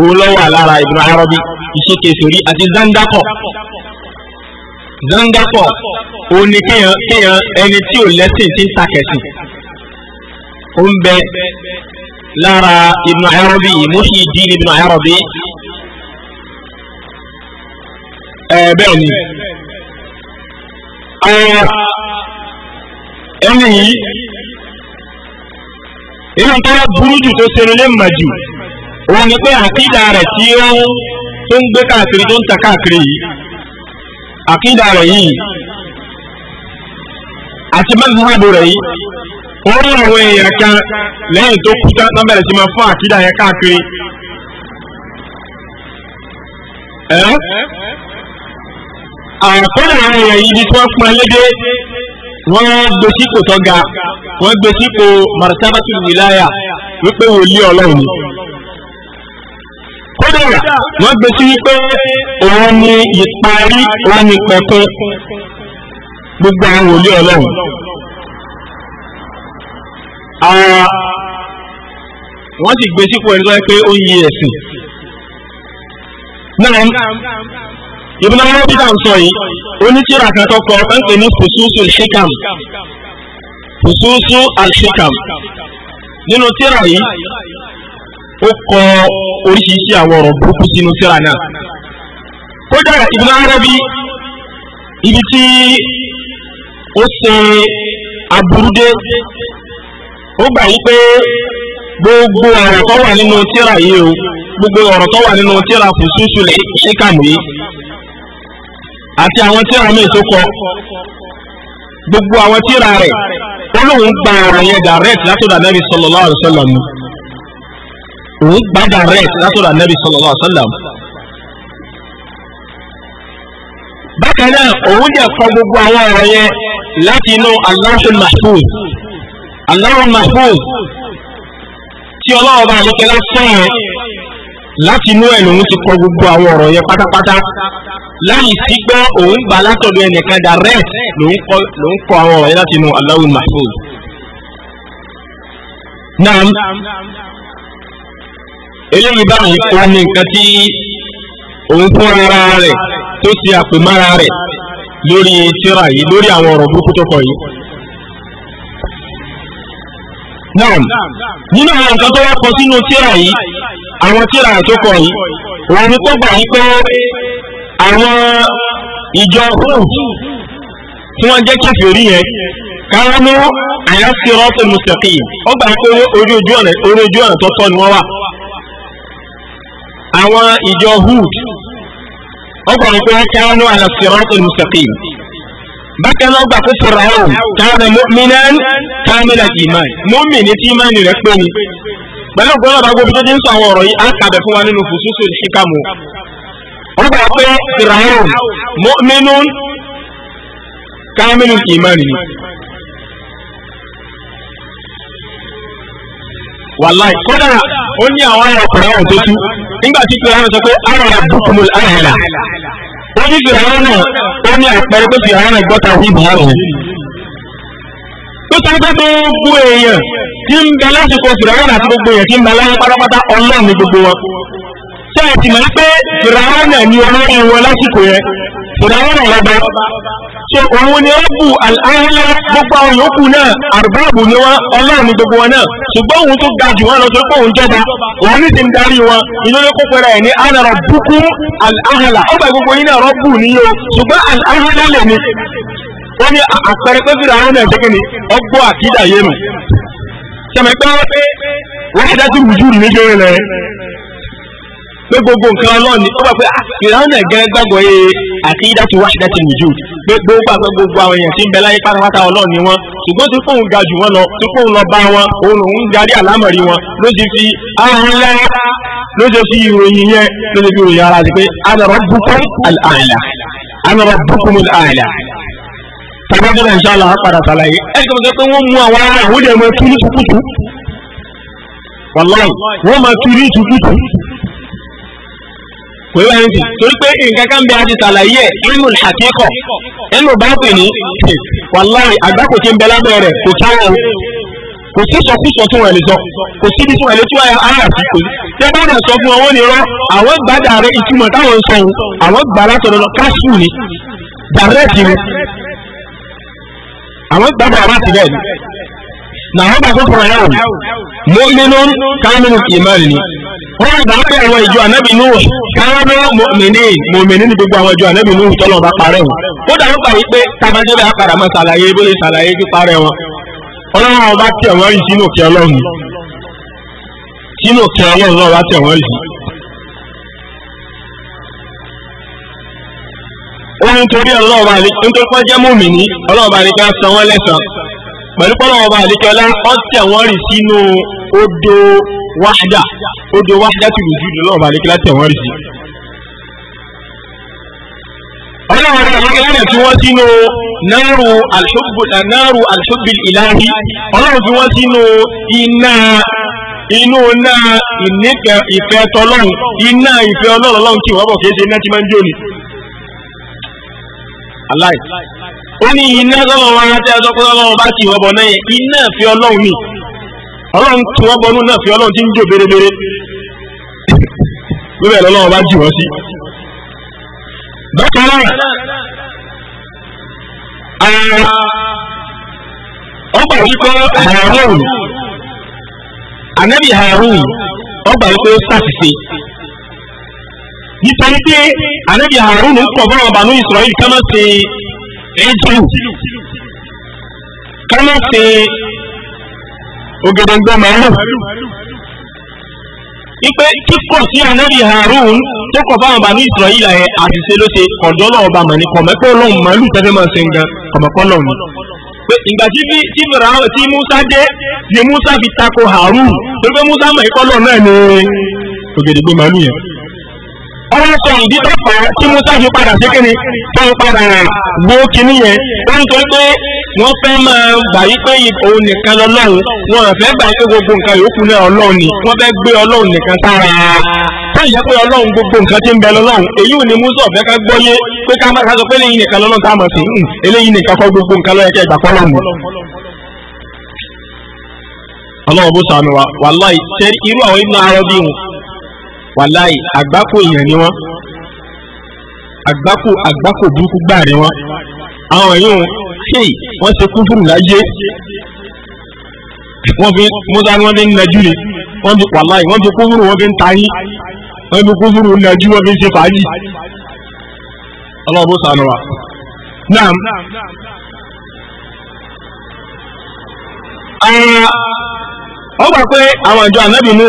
òun lọ́wọ́ àlára Ibn Arabi iṣẹ́ àti zandakọ̀ zandakọ̀ òun ní kéèyàn ẹni tí ò lẹ́sìn tí ń takẹ̀sìn ó ń bẹ lára Ibn Arabi Muhyiddin Ibn Arabi ẹ̀ ẹni yìí inú tó wá burú jù tó ṣe lé mà jù òun ni pé àkídà rẹ̀ tí ó tó ń gbé káàkiri tó ń ta káàkiri yìí àkídà rẹ̀ yìí àti mẹ́tìmọ́bù rẹ̀ yìí wọ́n àwọn èèyàn kan lẹ́yìn àkọ́dà àwọn èèyàn yìí tí wọ́n pọn lédè wọ́n gbé sípò tó ga wọ́n gbé sípò martabatu wilaya wípé wòlíì ọlọ́run ni. kódà wọ́n gbé sí wípé òun ni ìparí òun ni pẹ̀kún gbogbo àwọn wòlíì ọlọ́run. wọ́n sì gbé sípò ẹni tó yẹ pé ó yí ẹ̀sìn. náà Ibn Arabi tá à ń sọ yìí onítìrà kan tó kọ ọ́ ń pè ní Fususu al-Hikam Fususu al-Hikam nínú tírà yìí ó kọ oríṣiríṣi àwọn ọ̀rọ̀ burúkú sínú tírà náà kódà Ibn Arabi ibi tí ó ṣe aburúdé ó gbà yí pé gbogbo ọ̀rọ̀ tó wà nínú tírà yìí o gbogbo ọ̀rọ̀ tó wà nínú tírà Fususu al-Hikam yìí àti àwọn tíra míì tó kọ gbogbo àwọn tíra rẹ̀ olóhùn gba ọ̀rọ̀ yẹn direct látọ̀dọ̀ anabi sallallahu alaihi wasallam òun gba direct látọ̀dọ̀ anabi sallallahu alaihi wasallam bákan náà òun yẹ kọ gbogbo àwọn ọ̀rọ̀ yẹn láti inú aláwọ̀ mahfuz aláwọ̀ mahfuz tí ọlọ́wọ́ bá yẹ kẹ́lá sọ̀rọ̀ láti inú ẹ̀ lòun ti kọ gbogbo àwọn ọ̀rọ̀ yẹn pátápátá láì sí gbọ́ òun gbà látọ̀dọ̀ ẹnìkan direct lòun kọ àwọn ọ̀rọ̀ yẹn láti inú Allahul Mahfuz. naam eléyìí báyìí wá ní nǹkan tí òun fún ara rẹ̀ tó ṣe àpèmára rẹ̀ lórí tírà yìí lórí àwọn ọ̀rọ̀ burúkú tó kọ yìí. naam nínú àwọn nǹkan tó wá kọ sínú tírà yìí àwọn tíra tó kọ yìí wọ́n ní tó gbà wípé àwọn ìjọ hù tí wọ́n jẹ́ kèfèrí yẹn káwọn àyàfi rọ́ọ̀tì mùsùlùmí ó gbà pé orí ojú ọ̀nà orí ojú ọ̀nà tó tọ́ ni wọ́n wà àwọn ìjọ Hud ó gbà pé káwọn àyàfi rọ́ọ̀tì mùsùlùmí bákan náà gbà pé Fáráò káwọn mọ́mìnán káwọn mẹ́lẹ̀ ìmáì mọ́mìnì tí ìmáì rẹ̀ pé ni pẹ̀lú ògbọ́n ọ̀dà gbogbo tó ti ń sọ àwọn ọ̀rọ̀ yìí á kàbẹ̀ fún wa nínú fùsùsù ìṣíkàmù orúkọ pé fìràhùn mọ́mínú kámínú ìmánì wàláì kódà ó ní àwọn ará fìràhùn tó tú nígbà tí fìràhùn sọ pé ará bukumul ahla ó ní fìràhùn náà ó ní àpẹẹrẹ pé fìràhùn náà gbọ́ta sí ó sọ pé gbogbo èèyàn tí ń bẹ lásìkò fìràwọ́n àti gbogbo èèyàn tí ń bẹ láyé pátápátá ọlọ́run ní gbogbo wọn tẹ́ ẹ̀ sì máa pé fìràwọ́n ní olórí wọn lásìkò yẹn fìràwọ́n ọ̀lọ́gbà so òun ni ó bù àlàyé gbogbo àwọn yòókù náà àrùbáàbù ni wọn ọlọ́run ní gbogbo wọn náà ṣùgbọ́n òun tó ga jù wọn lọ torí pé òun jọba òun ní ti ń darí wọn ìdílé kó pẹ́rẹ́ ẹ̀ ní ànàrọ̀ búkú àlàhàlà ó gbogbo yín náà rọ́bù níyó ṣùgbọ́n àlàhàlà lè ó ní àpẹẹrẹ pé fìlà àwọn ẹ̀jẹ̀ kìíní ọgbọ́ àkídà yé nu sẹ̀mẹ̀ pé wọ́n pé wọ́n ti dá sí wùjú rí méjì rẹ̀ pé gbogbo nǹkan ọlọ́run ni ó gbà pé ah, fìlà àwọn ẹ̀gẹ́ gbàgbọ́ yé àkídà ti wá ṣẹ̀dá ti wùjú pé gbogbo àgbà gbogbo àwọn èèyàn ti ń bẹ láyé pátápátá ọlọ́run ni wọ́n ṣùgbọ́n tí fóun ga jù wọ́n lọ tí fóun lọ bá wọn òun òun darí àlámọ̀rí wọn ló ti fi ahun lẹ́ ló ti fi ìròyìn yẹn ló ti fi ìròyìn ara ti pé ana rabbukum al-a'la ana rabbukum al-a'la tàbátọ́lá ìṣàlá padà sàlàyé ẹni kan pé wọ́n mú àwọn ará àwọn ìdẹ̀mọ̀ tú ní tukutu wàláì wọ́n máa tú ní tukutu kò yẹ ẹni torí pé nǹkan kan bí a ti sàlàyé ẹ̀ ilmu ẹnu bá pè ní wàláì àgbákò ń bẹ lábẹ́ rẹ̀ kò sáwọn kò sí sọkúsọ tó wà lè kò síbi tó wà lè tó ara àti kò sí tẹ bá sọ fún wọn ní àwọn gbàdá ìtumọ̀ táwọn ń sọ àwọn gbàlá tọ̀dọ̀ kásù ni dàrẹ́ẹ̀tì ni àwọn gbàgbọ́ àbá ti bẹ́ẹ̀ ni làwọn bá fún fúnra yàwó mọ́mínú kámínú ìmáàlì ni wọ́n gbà pé àwọn ìjọ ànábì Nuhu káwọn mọ̀mìnì mọ̀mìnì ní gbogbo àwọn ìjọ ànábì Nuhu tọ́lọ̀ bá parẹ́ wọn ó dàrú pa wípé tábàjẹ́bẹ̀ apàdà máa ṣàlàyé bó lè ṣàlàyé kí parẹ́ wọn ọlọ́run àwọn bá tẹ̀ wọ́n rí sínú òkè ọlọ́run sínú òkè ọlọ́run náà wá tẹ̀ wọ́n rí ní torí ọlọ́ọ̀bà nítorí pé jẹ́ mùmíní ọlọ́ọ̀bà ní ká san wọ́n lẹ́sàn pẹ̀lú pọ́lọ́ọ̀bà àdékẹ́lá ọ̀tẹ̀ wọ́n rì sínú odò wáhádà odò wáhádà tó lùjú ní ọlọ́ọ̀bà àdékẹ́lá tẹ̀ wọ́n rì sí. ọlọ́ọ̀bà àdékẹ́lá rẹ̀ tí wọ́n sínú náírù alṣọ́bìl ìlàhí ọlọ́run tí wọ́n sínú iná inú iná ìfẹ́ tọ́lọ́run iná ìfẹ́ ọlọ́run tí wọ́n bọ̀ kéde iná tí máa ń jó ni. aláì ó ní iná sọ́lọ́ wọn bá ti wọ́bọ̀ náà iná fi ọlọ́run mi ọlọ́run tí wọ́n bọnú náà fi ọlọ́run ti ń jò bérebére bíbẹ̀ lọ́lọ́run bá jì wọ́n sí. bákan náà ọgbà wípé nítorí pé ànábì Harun ń pọ̀ fún ọba ní Israel ká se ṣe ẹ̀jú ká má ṣe ògèdèǹgbò màálù wípé kíkọ̀ sí ànábì Harun tó kọ̀ fún ọba ní Israel ẹ̀ àṣìṣe ló ṣe ọ̀dọ́ náà ọba màní kọ̀mẹ́kọ́ lọ́hùn màálù tẹ́fẹ́ máa ṣe nǹkan kọ̀mẹ́kọ́ lọ́hùn pé ìgbà tí bí tí fìràwọ̀ tí Musa dé ni Musa fi tako Harun tó pé Musa mọ̀ ikọ́ lọ́ọ̀ náà ni ògèdèǹgbò màálù yẹn ọwọ́ sọ ìdí tó fà á tí musa fi padà sí kíni tó ń padà gbó kíní yẹn ó ń torí pé wọ́n fẹ́ máa gbà yí pé òun nìkan lọ́lọ́run wọn ò fẹ́ gbà yí pé gbogbo nǹkan yòókù náà ọlọ́run ni wọ́n fẹ́ gbé ọlọ́run nìkan sára tó ń pé ọlọ́run gbogbo nǹkan tí ń bẹ lọ́lọ́run èyí ò ní musa ọ̀fẹ́ ká gbọ́yé pé ká má sọ pé eléyìí nìkan lọ́lọ́run tá a mọ̀ sí hmm, eléyìí nìkan kọ́ gbogbo nǹkan lọ́yẹ kẹ́ ìgbà kọ́ lọ́run ọlọ́run bó sànù wa wàláì irú àwọn ibùdó arọ́bí wọn wàláì àgbákò èèyàn ni wọ́n àgbákò àgbákò burúkú gbà ni wọ́n àwọn èèyàn ṣe wọ́n ṣe kún fún ìlàjẹ́ wọ́n fi musa ni wọ́n fi ń najú ni wọ́n fi wàláì wọ́n fi kún fún wọ́n fi ń ta yín wọ́n fi kún fún najú wọ́n fi ń ṣe fàájì ọlọ́ọ̀bù sànù wa. naam ọ pé àwọn àjọ ànábì nù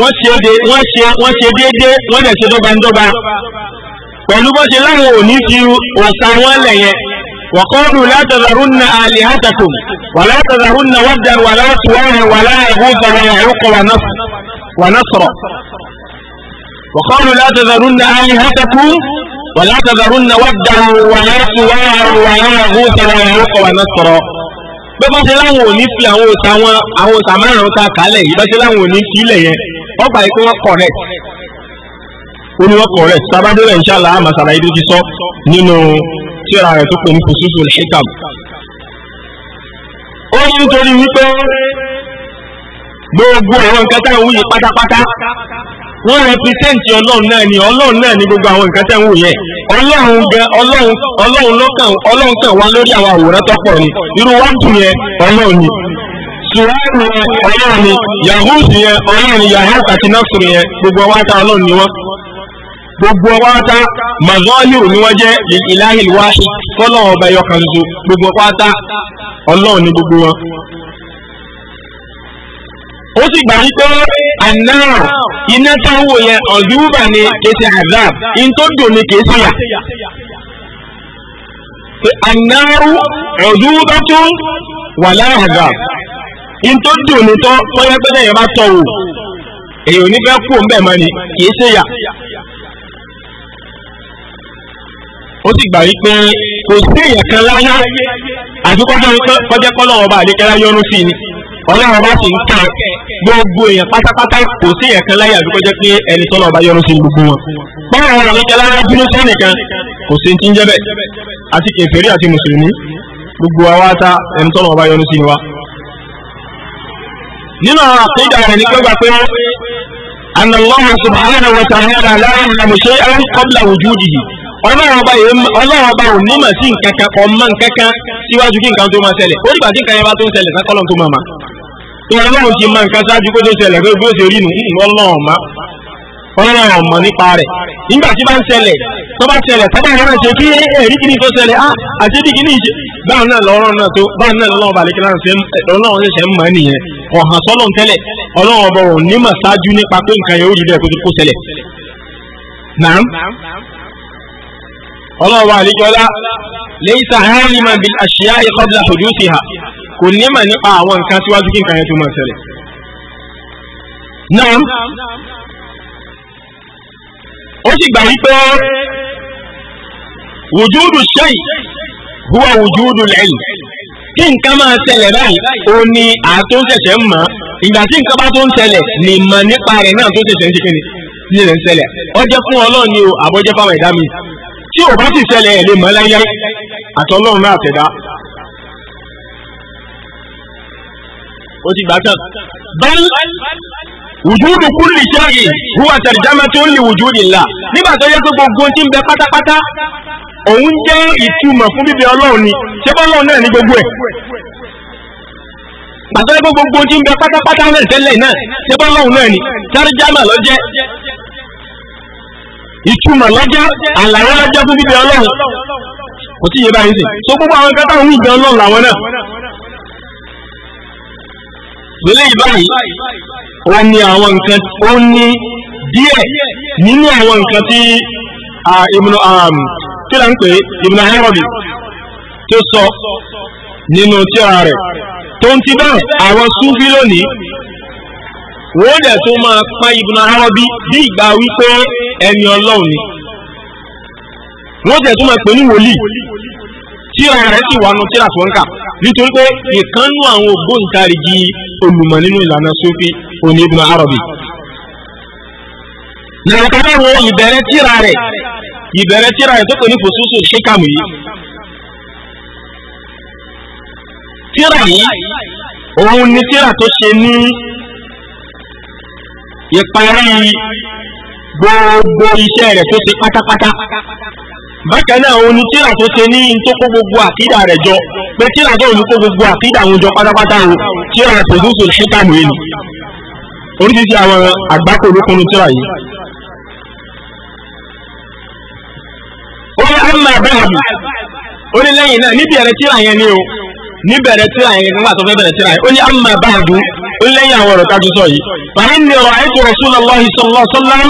wọ́n ṣe wọ́n ṣe wọ́n ṣe déédéé wọ́n dẹ̀ ṣe dọ́gbandọ́gba pẹ̀lú bó ṣe láwọn ò ní fi òòsà wọn lẹ̀ yẹn wàkọ́ọ̀dù látàzàrúnà àlè hàtàkùn wà látàzàrúnà wàdà wà látùwárẹ̀ wà láàrú bàrà ẹ̀rúkọ wà násọ̀rọ̀ wàkọ́ọ̀dù látàzàrúnà àlè hàtàkùn wà látàzàrúnà wàdà wà látùwárẹ̀ wà láàrú bàrà ẹ̀rúkọ wà bá ṣe láwọn ò ní fi àwọn òòsà wọn àwọn òòsà márùn-ún ta kálẹ̀ yìí bá ṣe láwọn ò ní fi ilẹ̀ yẹn wọ́n gbà pé wọ́n onye ó ní wọ́n correct sábàdúrà inshallah àmàsàlà ibi sọ nínú tíra rẹ̀ tó pè ní kùsùsù hikam. ó ní nítorí wípé gbogbo àwọn nǹkan tá à ń pátápátá wọ́n rẹpítẹ́ǹtì ọlọ́run náà ni ọlọ́run náà ni gbogbo àwọn nǹkan ń ọlọ́run ọlọ́run ọlọ́run lọ́kàn ọlọ́run kàn wá kìláàmù yẹn yahoo si yahoo gbogbo ọwọ́ ata ọlọ́run gbogbo ọwọ́ ata ni ọba ẹyọ gbogbo ọwọ́ ata gbogbo wọn. ó sì gbà wípé àná iná táwọn yẹn ọ̀dùnúbà ni kèsì azab in tó dùn kèsì yà àná ọ̀dùnúbà tó wà in tó dùn ní tọ́ wọ́n pẹ́ tẹ̀yìn bá tọ̀ wò èyí ò ní fẹ́ kú òun bẹ̀ mọ́ ni kìí ṣe yà ó sì gbà wípé kò sí èèyàn kan láyá àti kọjá kọ́lọ́ ọba àdékẹ́lá yọrù sí ni ọlọ́run bá sì ń kà gbogbo èèyàn pátápátá kò sí èèyàn kan láyé àbí kọjá pé ẹni tọ́lọ́ ọba yọrù sí gbogbo wọn báwọn ọ̀rọ̀ àdékẹ́lá dúró sẹ́nìkan kò sí ti ń jẹ́ bẹ́ẹ̀ àti kèfèrí àti mùsùlùmí gbogbo àwa ta ẹni tọ́lọ́ ọba yọrù sí ni wa nínú àwọn àkídà rẹ̀ ní gbẹ́gbà pé anallahu subhanahu wa ta'ala la ya'lamu shay'an qabla wujudihi ọlọ́run ọba ò nímọ̀ sí nǹkan kan ọmọ nǹkan kan síwájú kí nǹkan tó máa ṣẹlẹ̀ ó dìgbà tí nǹkan yẹn bá tó ń ṣẹlẹ̀ sákọ́lọ́ tó máa ma ìwọ̀n ọlọ́run ti mọ nǹkan ṣáájú kó tó ṣẹlẹ̀ pé bí ó ṣe rí nù hmm, ọlọ́run ọ̀ma nípa rẹ̀ nígbà tí bá ń ṣẹlẹ̀ tó bá ṣẹlẹ̀ tọ́ba yẹn máa ṣe kí ẹ̀rí kí ni tó ṣẹlẹ̀ ah, báwọn náà lọ́rọ̀ náà tó báwọn náà lọ́wọ́ balẹ̀ kíláà ṣe ọlọ́run ṣẹ̀ṣẹ̀ ń mọ̀ ẹ́ nìyẹn ọ̀hàn sọ́lọ̀ tẹ́lẹ̀ ọlọ́run ọbọ̀ wọn nímọ̀ ṣáájú nípa pé nǹkan yẹn ó rí bẹ́ẹ̀ kó tó kó ọlọ́run wa kò nípa àwọn nǹkan síwájú kí nǹkan yẹn tó ṣẹlẹ̀. ó sì gbà wípé huwa wujudul ilm tí nǹkan máa ṣẹlẹ̀ báyìí ó ní àtó ṣẹ̀ṣẹ̀ ń mọ̀ ìgbà tí nǹkan bá tó ń ṣẹlẹ̀ ní ìmọ̀ nípa rẹ̀ náà tó ṣẹ̀ṣẹ̀ ń ṣe kíni ní ilẹ̀ ń ṣẹlẹ̀ ọjẹ́ fún ọlọ́run ni o àbọ̀jẹ́ fáwọn ẹ̀dá mi tí ò bá sì ṣẹlẹ̀ ẹ̀ lè mọ̀ láyé àtọlọ́run náà tẹ̀dá. ó ti gbà tán bẹ́ẹ̀ wùjúdù kulli shay'in huwa tarjamatun li wujudillah nígbà tó yẹ òun jẹ́ ìtumọ̀ fún bíbẹ ọlọ́run ni ṣé bọ́ ọlọ́run náà ní gbogbo ẹ̀ àtọ́lẹ́ pé gbogbo tí ń bẹ pátápátá náà tẹ́lẹ̀ náà ṣé bọ́ ọlọ́run náà ni járíjámà lọ́jẹ́ ìtumọ̀ lọ́jẹ́ àlàyé lọ́jẹ́ fún bíbẹ ọlọ́run kò tí yé báyìí sè so gbogbo àwọn kẹta òun ìgbẹ́ ọlọ́run làwọn náà lélẹ́ ìbáyìí ó ní àwọn nǹkan ó ní díẹ̀ nínú àwọn nǹkan tí um, kí là ń pè Ibn Arabi tó sọ nínú tíra rẹ̀ tó ń ti bá àwọn súfí lónìí wọ́n dẹ̀ tó máa pa Ibn Arabi bí ìgbà wípé ẹni ọlọ́run ni wọ́n dẹ̀ tó máa pè ní wòlíì tíra rẹ̀ sì wà nù tíra tó ń kà nítorí pé ìkánú àwọn ògbóǹtarìgì olùmọ̀ nínú ìlànà súfí òní Ibn Arabi. nàìjíríà wo ìbẹ̀rẹ̀ tíra rẹ̀ ìbẹ̀rẹ̀ tíra ẹ̀ ní fòsúsù ṣíkàmù yìí tíra yìí òun ni tíra tó ṣe ní ìparí gbogbo iṣẹ́ rẹ̀ tó ṣe pátápátá bákan náà òun ni tíra tó ṣe ní tó kó gbogbo àkídà rẹ̀ jọ pé tíra tó òun kó gbogbo àkídà òun jọ pátápátá o tíra fòsúsù ṣíkàmù yìí oríṣiríṣi àwọn àgbákò olókùnrin tíra yìí. onye ní àmà onye ó náà níbi ẹ̀rẹ̀ tíra yẹn ni o níbẹ̀rẹ̀ tíra yẹn nígbà tó fẹ́ bẹ̀rẹ̀ tíra yẹn ó ní àmà báàbù ó àwọn ọ̀rọ̀ tájú sọ yìí. fàyín ni ọ̀rọ̀ àìsàn rasulullahi sallallahu alaihi wasallam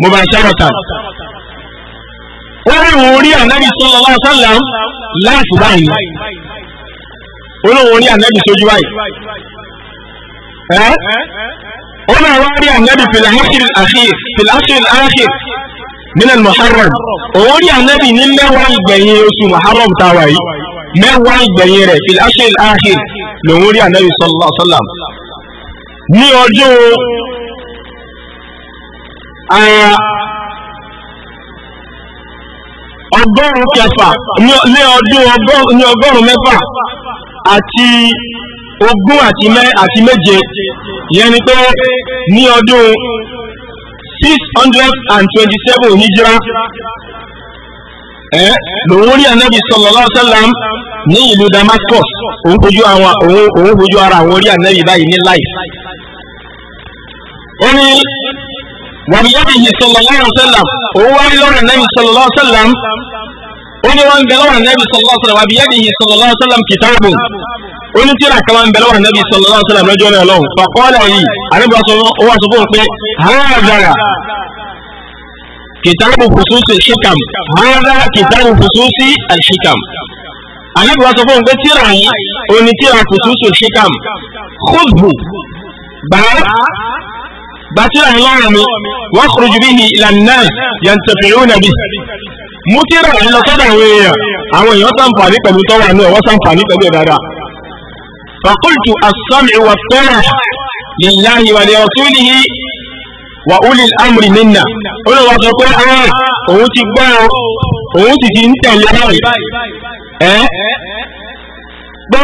mo bá ṣàrọ̀ tà. ó rí òun rí ànábì nínú muharram òun rí ànábì ní mẹ́wàá ìgbẹ̀yìn oṣù muharram mewa yìí mẹ́wàá ìgbẹ̀yìn rẹ̀ fil ashil akhir lòun rí ànábì sallallahu alaihi wasallam ní kẹfà ní ọdún ní ọgọ́rùn àti ni pé 627 hijira ẹ lòun rí anabi sallallahu alaihi wasallam ní ìlú Damascus òun fojú àwọn òun òun fojú ara àwọn rí anabi báyìí ní láì. ó ní wàbíyàbí yìí sallallahu alaihi wasallam òun wá rí anabi sallallahu alaihi oníwà ń bẹ̀lọ́wà nẹ́bí sallallahu alaihi wasallam abiyadihi sallallahu alaihi wasallam kìtàbù onítìrà kama ń bẹ̀lọ́wà nẹ́bí sallallahu alaihi wasallam lọ́jọ́ náà lọ́hùn fàkọ́lẹ̀ yìí àníbà wà sọ fún pé hàdàrà kìtàbù fùsùsì ṣìkàm hàdà kìtàbù fùsùsì àṣìkàm àníbà wà sọ fún pé tìrà yìí onítìrà fùsùsì ṣìkàm khudhu bàá bàtìrà yìí lọ́rùn mi wọ́n kúrò jù bí mú tí rà lọ sọ́dọ̀ àwọn èèyàn àwọn èèyàn sàǹfààní pẹ̀lú tọ́wà náà wọ́n sàǹfààní pẹ̀lú ẹ̀ dáadáa. فقلت السمع والطاعة لله ولرسوله وأولي الأمر منا أولو وقفوا الآن òun ti gbọ́ òun sì ti ń tẹ̀lé báyìí ẹ́ gbọ́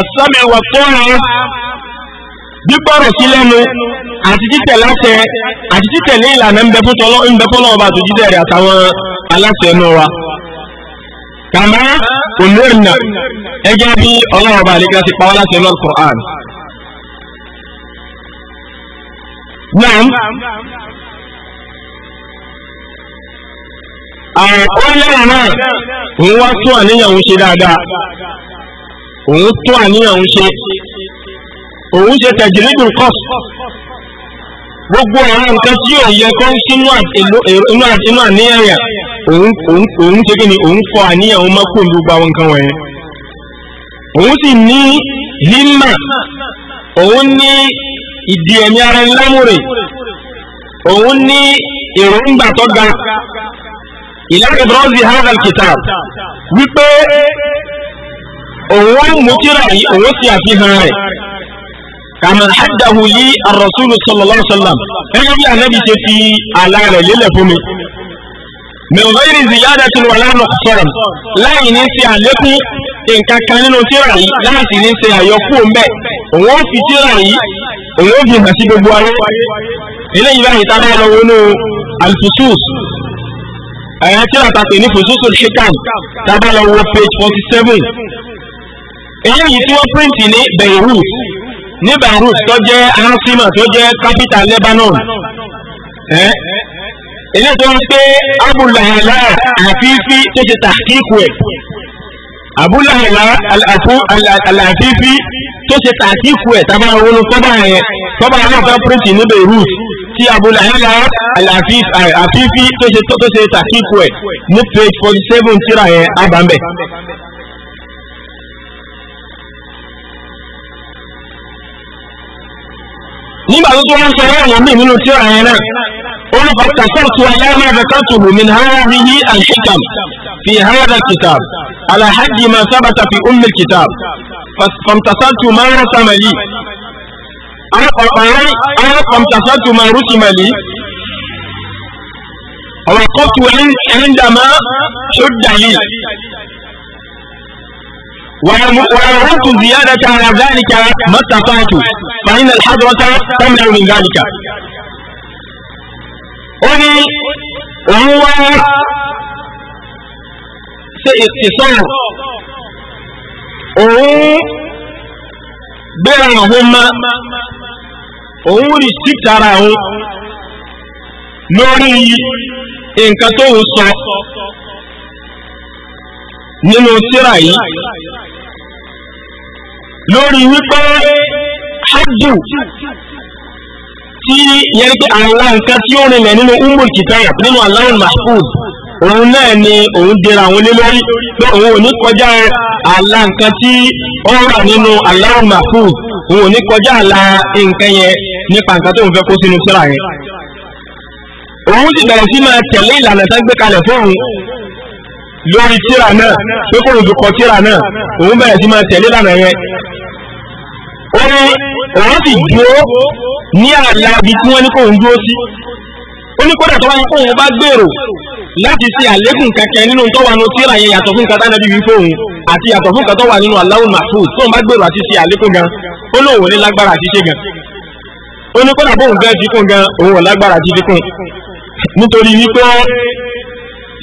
àsámi wà tọ́ra gbígbọ́rọ̀ sí lẹ́nu àti títẹ̀ láṣẹ àti títẹ̀lé ìlànà ń bẹ fún tọ́lọ́ ń bẹ fún ọba àtòjídẹ̀ rẹ̀ àtàwọn aláṣẹ inú wa kàmá òmìnirìnà ẹgẹ́ bí ọlọ́run bá àlejò ti pa wá láṣẹ inú alukur'an. Naam. Àwọn lẹ́yìn náà, òun wá tún àníyàn ṣe dáadáa. Òun tún àníyàn ṣe. Òun ṣe tẹ̀jìlídùn kọ́s. Gbogbo àwọn nǹkan tí yóò yẹ sínú àníyàn òun ṣe kí ni òun fọ àníyàn òun mọ́kò ní gbogbo àwọn nǹkan wọ̀nyẹn òun sì ní hímà òun ní ìdí ẹ̀mí ara ńlámúre òun ní èròǹgbà tó ga ìlànà bronze harvard kitab wípé òun mú kíra yìí òun sì àfihàn rẹ̀ kàmà haddahu lí ar-rasul sallallahu alaihi bí anabi ṣe fi àlá rẹ̀ lélẹ̀ fún mi min ghairi ziyadatin wala nuqsan láì ní ṣe àlékún nǹkan kan nínú tírà yìí láì sì ní ṣe àyọkú mbẹ òun ó fi tírà yìí òun ó fi hàn sí gbogbo ayé eléyìí báyìí tá a bá lọ wọnú alfusus ẹ̀yà tírà ta pè ní fusus al-hikam tá a bá lọ wọ page forty seven eléyìí tí wọ́n píríǹtì ní Beirut ní Beirut tó jẹ́ anasima tó jẹ́ capital Lebanon ilé tó ń pé abúláhàlá àfífí tó ṣe tàkíkù ẹ̀ abúláhàlá àfífí tó ṣe tàkíkù ẹ̀ tàbí àwọn olùkọ́bà yẹn kọ́bà náà bá pírìtì ní Beirut tí abúláhàlá àfífí tó ṣe tàkíkù ẹ̀ ní page forty seven tíra yẹn abambẹ̀. nígbà tó tó wọ́n sọ ọ́ àwọn míì nínú tíra yẹn náà. قل فاقتصرت على ما ذكرته من هذه الحكم في هذا الكتاب على حد ما ثبت في أم الكتاب فامتصلت ما رسم لي أنا أنا فامتصلت ما رسم لي ووقفت عندما شد لي وأردت زيادة على ذلك ما استطعت فإن الحضرة تمنع من ذلك ó ní òun wá ṣe ìsọ̀rọ̀ òun gbéra àwọn ma òun rí síkara òun lórí nǹkan tó ń sọ nínú síra yìí lórí wípé hajj tí yẹn pé àwọn nǹkan tí ó rinlẹ̀ nínú umul kitab nínú Allahul mahfuz òun náà ni òun dira àwọn ilé lórí pé òun ò ní kọjá àlà nǹkan tí ó wà nínú Allahul mahfuz òun ò ní kọjá àlà nǹkan yẹn nípa nǹkan tó ń fẹ́ kó sínú síra yẹn. òun ti bẹ̀rẹ̀ sí máa tẹ̀lé ìlànà tó ń gbé kalẹ̀ fóun lórí tíra náà pé kò ń dukọ tíra náà òun bẹ̀rẹ̀ sí máa tẹ̀lé ìlànà yẹn. ó òun sì dúró ní àlàbí tí wọ́n ní kóhun dúró sí ó ní kódà tó wáyé kóhun bá gbèrò láti ṣe àlékún kankan nínú tó wà nù tírà yẹn yàtọ̀ fún kata nàbí wípé òun àti yàtọ̀ fún kata wà nínú Allahul Mahfuz tó ń bá gbèrò àti ṣe àlékún gan ó lóun ò ní lágbára àti ṣe gan ó ní kódà bóun fẹ́ fi kún gan òun ò lágbára àti fi kún nítorí wípé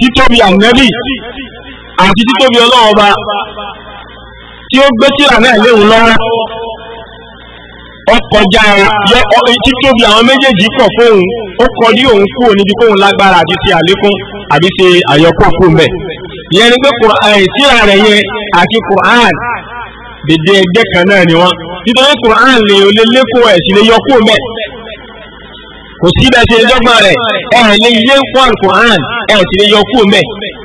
títóbi ànábì àti títóbi ọlọ́wọ́ tí ó gbé tírà náà léwu lọ́wọ́ ọkọjá títóbi àwọn méjèèjì pọ̀ fóun ó kọjú òun kúrò níbi kóun lágbára àti ti àlékún àbí ṣe àyọkọ́ fún mẹ́ ìyẹn ni pé tíra rẹ̀ yẹn àti Qur'an dèdè ẹgbẹ́ kan náà ni wọ́n nítorí Qur'an lè olè lékún ẹ̀ sì lè yọ kúrò mẹ́ kò sí bẹ́ẹ̀ ṣe lè dọ́gba rẹ̀ ẹ̀ lè yé Qur'an ẹ̀ sì lè yọ mẹ́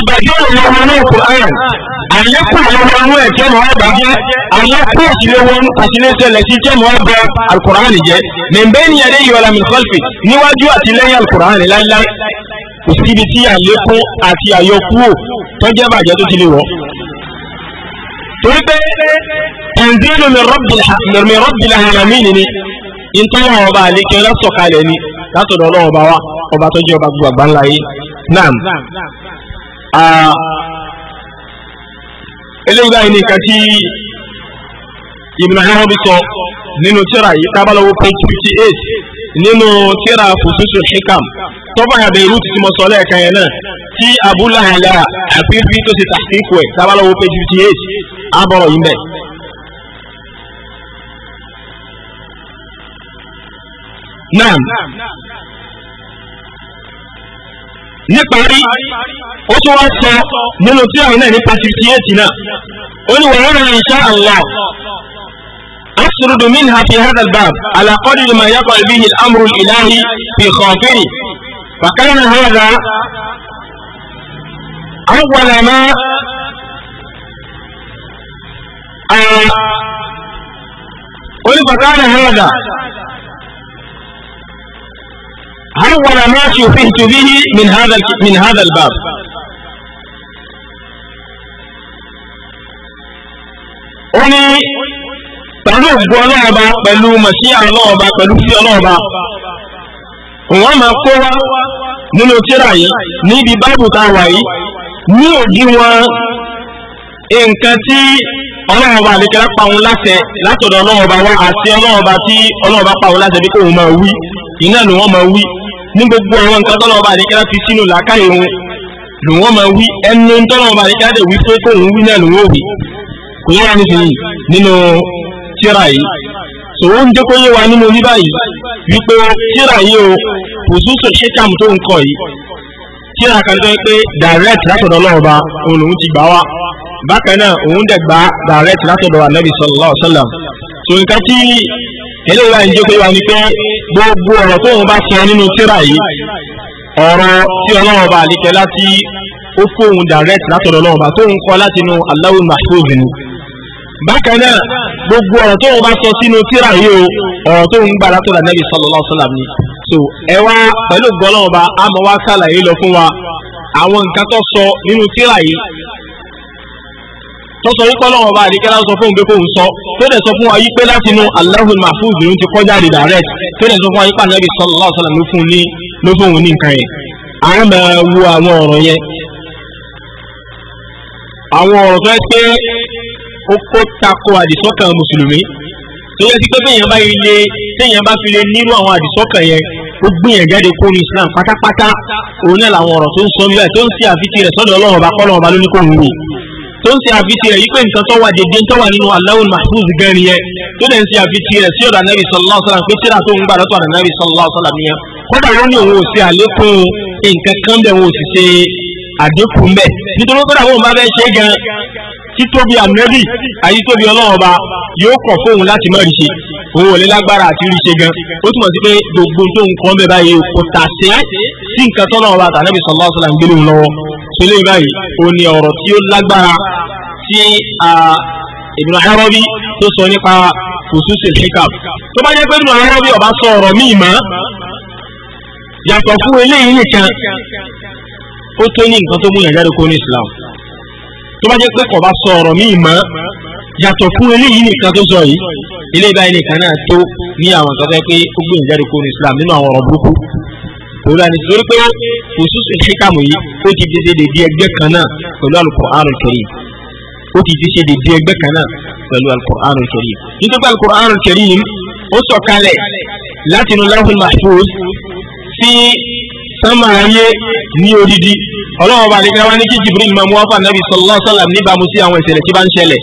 ìbàjẹ́ òun wọn ní òkú iron àlékù ìlọ́wọ́ inú ẹ̀ jẹ́ mọ́ àbájẹ́ àlékù òsìléwọ́ òsìlẹ́sẹ̀lẹ̀ sí jẹ́ mọ́ àbá alukur'ani jẹ́ mẹ́mbẹ́ ni adé yìí wàlá mìlfọ́lfì níwájú àti lẹ́yìn alukur'ani láíláí kò síbi tí àlékù àti àyọkúrò tó jẹ́ bàjẹ́ tó ti lè wọ́. torí pé ẹ̀ǹdínú mi rọ́bìlà hàmí ni ni ìtọ́wọ́ ọba àlékè lásọ̀kalẹ̀ ni látọ̀dọ̀ ọlọ́wọ́ ọba wa ọba tó jẹ́ ọba gbogbo àgbáńlá yìí náà eléyìí báyìí ní nǹkan tí Ibn Arabi sọ nínú tíra yìí tábàlọ́wọ́ page fifty eight nínú tíra Hikam tọ́fà yàgbé irú tí mo sọ lẹ́ẹ̀kan yẹn náà tí Abu Lahala àfihàn tó ti tàkìkù ẹ̀ tábàlọ́wọ́ page fifty eight níparí ó tún wá sọ nínú tí àwọn náà nípa fifty eight náà ó ní wàá rẹ̀ insha Allah أسرد منها في هذا الباب على قدر ما يقع به الأمر الإلهي في خاطري فكان هذا أول ما قل فكان هذا أول ما شبهت به من هذا من هذا الباب أني pẹ̀lú ògbó ọlọ́ọ̀ba pẹ̀lú mọ̀sí ọlọ́ọ̀ba pẹ̀lú sí ọlọ́ọ̀ba wọ́n máa kó wá nínú tíra yìí níbi báàbù tá a wà yìí ní òdiwọ̀n nǹkan tí ọlọ́ọ̀ba àlekẹ́lá pa òun láṣẹ látọ̀dọ̀ ọlọ́ọ̀ba wá àti ọlọ́ọ̀ba tí ọlọ́ọ̀ba pa òun láṣẹ bí kò wọ́n máa wí iná ni wọ́n máa wí ní gbogbo àwọn nǹkan tọ́lọ̀ ọba àdékẹ́lá fi sínú làákàyè wọn lòun wọn máa wí ẹnu tọ́lọ̀ ọba àdékẹ́lá dẹ̀ wí pé kóun wí náà lòun ò wí kò yára ní sìn nínú tíra yìí sòwò ń jẹ́ kó yé wa nínú bíbá yìí wípé tíra yìí o kò súnṣe ṣẹ́kàm tó ń kọ yìí tíra kan tó ń pé direct látọ̀dọ̀ ọlọ́ọ̀ba òun lòun ti gbà wá bákan náà òun dẹ̀ gbà direct látọ̀dọ̀ eléyìí láì jẹ́ pé wà ní pé gbogbo ọ̀rọ̀ tóun bá sọ nínú tírà yìí ọ̀rọ̀ tí ọlọ́run ọba àlíkẹ́ láti ó fóun direct látọ̀dọ̀ ọlọ́run ọba tóun kọ́ láti inú Allahu Mahfuz ni bákan náà gbogbo ọ̀rọ̀ tóun bá sọ sínú tírà yìí o ọ̀rọ̀ tóun gbà látọ̀dọ̀ Ànábì sallallahu alaihi ni so ẹ wá pẹ̀lú gbọ́lọ́run ọba àmọ́ wá sàlàyé lọ fún wa àwọn nǹkan tó sọ nínú tírà yìí tọ́sọ yí pọ́lọ́wọ́ ọba àdíkẹ́lá sọ fún òǹgbé fóun sọ tó dẹ̀ sọ fún wa yí pé láti inú Allahul Mahfuz ló ti kọjá àdìdà rẹ̀ tó dẹ̀ sọ fún wa yí pàṣẹ sallallahu alaihi wasallam ló fún ní ló fún òun ní nǹkan yẹn. àwọn máa wo àwọn ọ̀rọ̀ yẹn àwọn ọ̀rọ̀ tó yẹ pé ó kó tako àdìsọ́kàn mùsùlùmí tó yẹ sí pé téèyàn bá ilé téèyàn bá fi lè nírú àwọn àdìsọ́kàn yẹn ó gbìyàn jáde kó ní Islam pátápátá òun náà làwọn ọ̀rọ̀ tó ń sọ níbẹ̀ tó ń ṣe àfitì rẹ̀ sọ́dọ̀ Ọlọ́run ọba kọ́ Ọlọ́run ọba ló wò tó ń ṣe àfitì rẹ̀ yípe nǹkan tó wà dédé tó wà nínú Allahul Mahfuz gan nìyẹn tó dẹ̀ ń ṣe àfitì rẹ̀ sí ọ̀dọ̀ anábì sallallahu alaihi wasallam pé tíra tó ń gbà lọ́tọ̀ anábì sallallahu alaihi wasallam nìyẹn kódà wọn ní òun ò ṣe àlékún nǹkan kan bẹ̀ wọn ò sì ṣe àdínkù mbẹ̀ nítorí kódà wọn bá fẹ́ ṣe gan títóbi anábì àyítóbi ọlọ́run ọba yóò kọ̀ fóun láti má rí ṣe òun ò lè lágbára àti rí ṣe gan ó túmọ̀ sí pé gbogbo tó ń kọ́ ń bẹ̀ báyìí kò tà sí sí nǹkan tọ́lọ́run ọba àtànábì sallallahu alaihi wasallam ń gbélé wọn lọ́wọ́ eléyìí báyìí ó ní ọ̀rọ̀ tí ó lágbára tí Ibn Arabi tó sọ nípa fususil hikam tó bá jẹ́ pé Ibn Arabi ó bá sọ ọ̀rọ̀ míì mọ́ yàtọ̀ fún eléyìí nìkan ó tó ní nǹkan tó mú yàn jáde ní Islam tó bá jẹ́ pé kò bá sọ ọ̀rọ̀ míì mọ́ yàtọ̀ fún eléyìí nìkan tó sọ yìí eléyìí báyìí nìkan náà tó ní àwọn tó yẹ pé ó gbé yàn kó ní Islam nínú àwọn ọ̀rọ̀ burúkú òun náà ni torí pé òṣùṣù ṣíkàmù yìí ó ti ti ṣe dèdí ẹgbẹ́ kan náà pẹ̀lú Al-Qur'anul Karim ó ti ti ṣe dèdí ẹgbẹ́ kan náà pẹ̀lú Al-Qur'anul Karim nítorí pé Al-Qur'anul Karim ó sọ̀kalẹ̀ láti inú Lawhul Mahfuz sí sánmà ayé ní odidi ọlọ́wọ́ bá nígbà wá ní kí Jibril máa mú wáfà nàbì sallallahu alaihi wasallam níbàámu sí àwọn ìṣẹ̀lẹ̀ tí bá ń ṣẹlẹ̀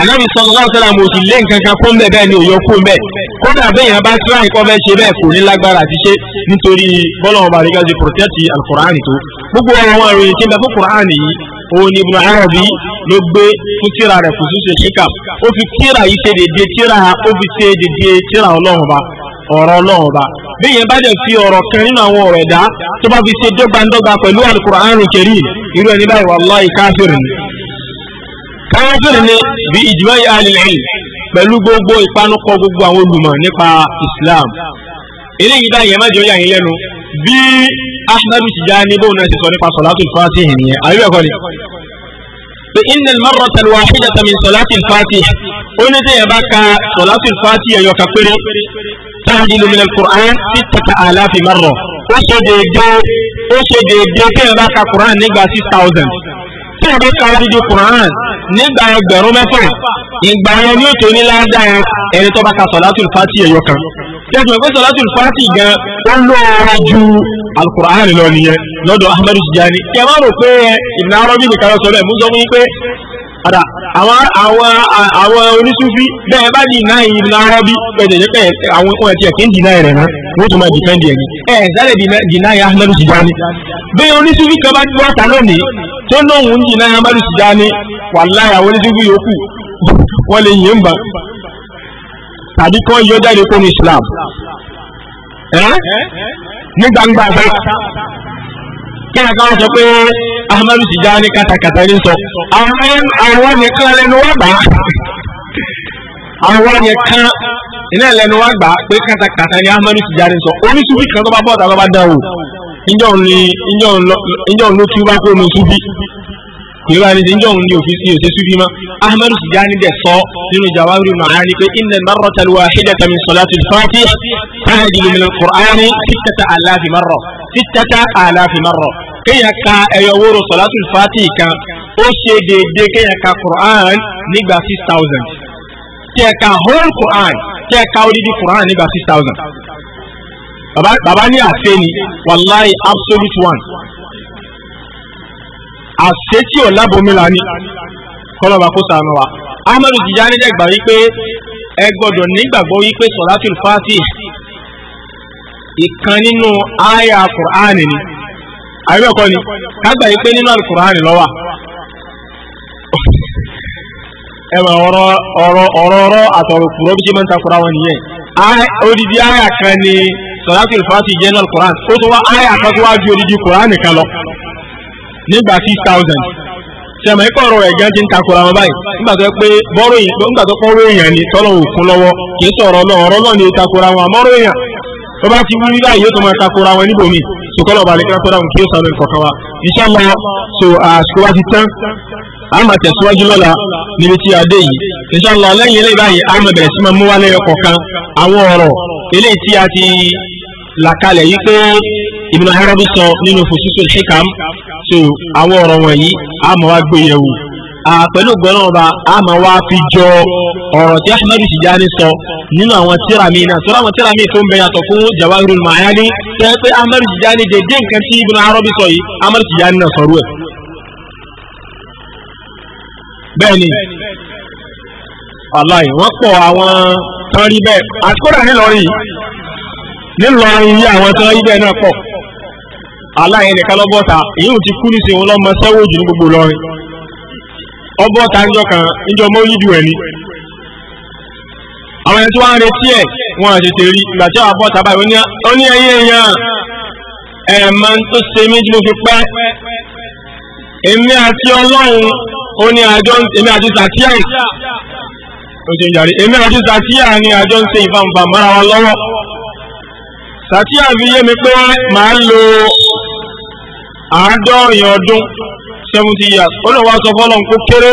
ànábì sallallahu alaihi wasallam sì lé nǹkan kan fún bẹ́ẹ̀ bẹ́ẹ̀ ni òyọ́ fún bẹ́ẹ̀ kódà bẹ́yàn bá tíráì kọ́ fẹ́ ṣe bẹ́ẹ̀ kò ní lágbára àti ṣe nítorí bọ́lọ̀ ọba àríkà tó gbogbo ọ̀rọ̀ wọn àròyìn tí ń bẹ fún kur'ani yìí òun ni ibùdó arabi ló gbé fún tíra fún ṣíṣe ṣíkà ó fi tíra yìí ṣe dédé tíra ó fi ṣe dédé tíra fi ọ̀rọ̀ kan nínú àwọn ọ̀rọ̀ ẹ̀dá tó bá fi ṣe dọ́gbandọ́gba pẹ̀lú irú ẹni báyìí pẹ̀lú gbogbo ìpanukọ gbogbo àwọn olùmọ̀ nípa Islam eléyìí báyìí ẹ má jẹ́ ó yà yín lẹ́nu bí Ahmadu Tijani bóun náà ti sọ nípa Salatul Fatih nìyẹn àyè ẹ̀kọ́ ni pé innal marrata al-wahidata min Salatil Fatih ó ní tẹ́yẹ̀ bá ka Salatul Fatih ẹ̀yọ̀ kan péré tahdilu min al-Qur'an sittata alafi marra ó ṣe déédé ó ṣe déédé tẹ́yẹ̀ bá ka Qur'an nígbà six thousand tẹ́yẹ̀ bá ka dídí Qur'an nígbà ẹgbẹ̀rún mẹ́fà ìgbà yẹn ni ó tó ní ládàá yẹn ẹni tó bá ka sọ̀látùl fátì ẹ̀yọ kan tẹ̀sán pé sọ̀látùl fátì gan ó lóore ju alukur'an lọ nìyẹn lọ́dọ̀ ahmadu tijani kí ẹ má rò pé ìnáwó eh, bí nìkan sọ bẹ́ẹ̀ mú sọ fún yín pé ọ̀dà àwọn àwọn àwọn oníṣúfí bẹ́ẹ̀ bá di iná yìí lárọ́bí pẹ̀tẹ̀jẹ́ pẹ̀ àwọn ohun ẹ̀tí ẹ̀kí ń dìná rẹ̀ náà wọ́n tún máa dìfẹ́ndì ẹ̀ ní ẹ̀ sálẹ̀ dìná yà lẹ́nu ti dání bẹ́ẹ̀ oníṣúfí kan bá wá ta lónìí tó lóhùn ń dìná yà lẹ́nu ti dání wàláhì àwọn oníṣúfí yòókù wọ́n lè yín bá tàbí kọ́ yọ jáde kó ní Islam ní gbangba fẹ́ kí ahmadu tijani katakata ní sọ àwọn nìkan lẹnu wá gbà àwọn nìkan iná lẹnu wá gbà pé katakata ní ahmadu tijani sọ oníṣubí kan tó bá bọ́ọ̀dà tó bá dá o ìjọun ni ìjọun ló tún bá kó nu ṣubí ìlú àni ti ń jọ̀hún ní òfin sí òsè sufi ma ahmadu tijani dẹ sọ nínú jawaari màá ni pé inna marrata alwahidata min salati al-fatih tahjilu min al-qur'ani sittata alafi marra sittata alafi ka ẹyọ wóró sọ̀látùl fàtì kan ó ṣe déédéé kéèyàn ka quran nígbà six thousand tí ẹ ka whole quran tí ẹ ka odidi quran nígbà six thousand baba baba ní àṣẹ ni wàláì absolute one àṣẹ tí ò lábòmílà ni kọlọba kó sànù wa ahmadu tijani jẹ gbà wípé ẹ gbọ́dọ̀ nígbàgbọ́ wípé sọ̀látùl fàtì ìkan nínú àyà quran ni. a ni kágbà yìí pé nínú alukur'ani ló wà ẹ mọ̀ ọ̀rọ̀ ọ̀rọ̀ ọ̀rọ̀ àtọ̀rọ̀ bí ń takura wọn odidi kan ni sọ̀rọ̀tì ìfọ̀rọ̀tì jẹ́ náà kuran ó tún wá aya kan tó wá ju odidi kuran nìkan lọ nígbà six thousand sẹ̀mọ̀ ikọ̀ ọrọ ẹ̀jẹ̀ ti ń takura wọn báyìí nígbà tó pé bọ́rọ̀ yìí nígbà tó pọ́nrọ̀ èèyàn ni òkun kì í ni tòkọ́lọ̀ ọba àlekẹ́lá kọ́dà kí ó sànú ìkọ̀kan wa inshallah so àsìkò wa ti tán a máa tẹ̀síwájú lọ́la níbi tí a dé yìí inshallah lẹ́yìn eléyìí báyìí a máa bẹ̀rẹ̀ sí máa mú wa lẹ́yọ kọ̀ọ̀kan àwọn ọ̀rọ̀ eléyìí tí a ti là kalẹ̀ yìí pé Ibn Arabi sọ nínú Fususul Hikam so àwọn ọ̀rọ̀ wọ̀nyí a máa wá gbé yẹ̀wò pẹ̀lú gbọ́nà ọba a máa wá fi jọ ọ̀rọ̀ tí ahmed tijani sọ nínú àwọn tíra náà sọ́dọ̀ àwọn tíra tó ń bẹ yàtọ̀ fún jawahirul maani pé ahmed tijani dédé nǹkan tí ibùdó arọ́bí sọ yìí ahmed tijani náà ẹ̀. bẹ́ẹ̀ni wọ́n pọ̀ àwọn tán rí bẹ́ẹ̀ àtikọ́dà nílọrin nílọrin yí àwọn tán rí bẹ́ẹ̀ náà pọ̀ aláìyẹnìkan lọ́bọ̀ta èyí ò ti kú nísìnyí wọn lọ́mọ sẹ́wọ́ ọbọ̀ ta ńjọ kan ńjọ mọ́ yíjú ẹ̀ ni àwọn ẹni tí wọ́n ń retí ẹ̀ wọ́n àtètè rí ìgbà tí àwọn abọ́ta báyìí ó ní ẹyẹ èèyàn ẹ̀ máa ń tó ṣe méjì ló fi pẹ́ èmi àti ọlọ́run ó ní àjọ èmi àti sàtíà ó ṣe ń jàre èmi àti sàtíà ni àjọ ń ṣe ìfàǹfà mọ́ra wa lọ́wọ́ sàtíà fi yé mi pé màá lo àádọ́rin ọdún seventy years ó lọ wá sọ fọlọ́n kó kéré